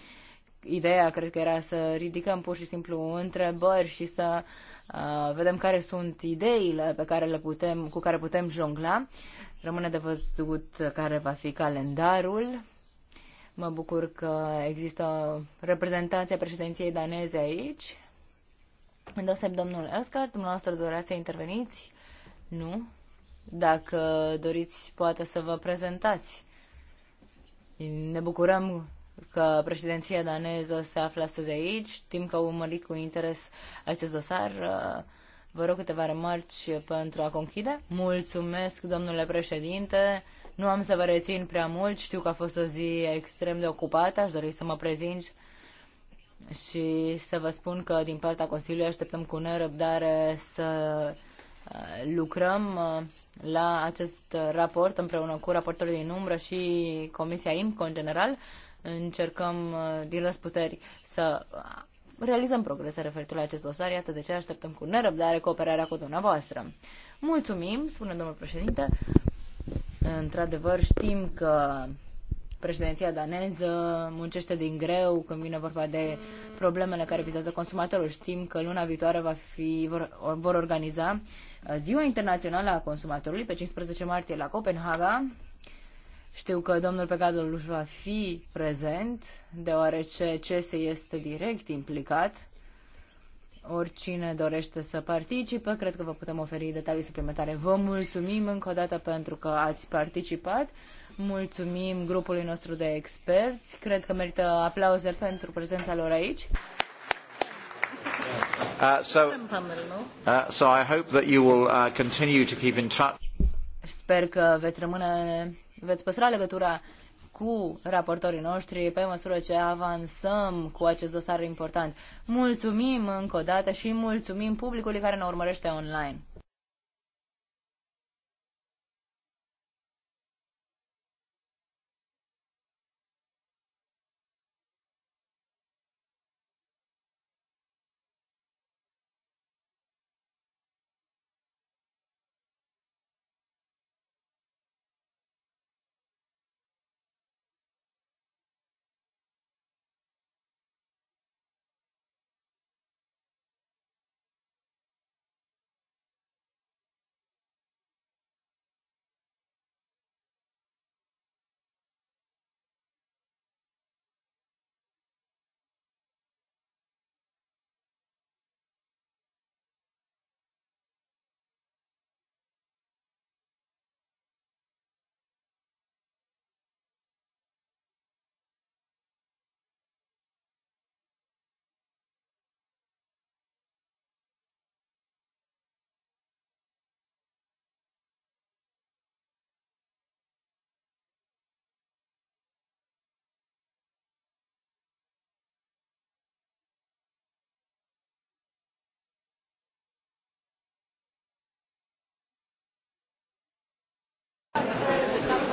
Ideea cred că era să ridicăm pur și simplu întrebări și să uh, Uh, vedem care sunt ideile pe care le putem, cu care putem jongla. Rămâne de văzut care va fi calendarul. Mă bucur că există reprezentanția președinției daneze aici. Îndoseb domnul Elskar, dumneavoastră doreați să interveniți? Nu? Dacă doriți, poate să vă prezentați. Ne bucurăm că președinția daneză se află astăzi aici. Știm că au urmărit cu interes acest dosar. Vă rog câteva remarci pentru a conchide. Mulțumesc, domnule președinte. Nu am să vă rețin prea mult. Știu că a fost o zi extrem de ocupată. Aș dori să mă prezint și să vă spun că din partea Consiliului așteptăm cu nerăbdare să uh, lucrăm uh, la acest raport împreună cu raportorul din umbră și Comisia IMCO în general încercăm uh, din răsputeri să uh, realizăm progrese referitor la acest dosar, iată de ce așteptăm cu nerăbdare cooperarea cu dumneavoastră. Mulțumim, spune domnul președinte. Într-adevăr, știm că președinția daneză muncește din greu când vine vorba de problemele care vizează consumatorul. Știm că luna viitoare va fi, vor, vor organiza uh, Ziua Internațională a Consumatorului pe 15 martie la Copenhaga știu că domnul Pegadol va fi prezent, deoarece CESE este direct implicat. Oricine dorește să participe, cred că vă putem oferi detalii suplimentare. Vă mulțumim încă o dată pentru că ați participat. Mulțumim grupului nostru de experți. Cred că merită aplauze pentru prezența lor aici. Uh, uh, so, I hope that you will uh, continue to keep in touch. Sper că veți rămâne veți păstra legătura cu raportorii noștri pe măsură ce avansăm cu acest dosar important. Mulțumim încă o dată și mulțumim publicului care ne urmărește online.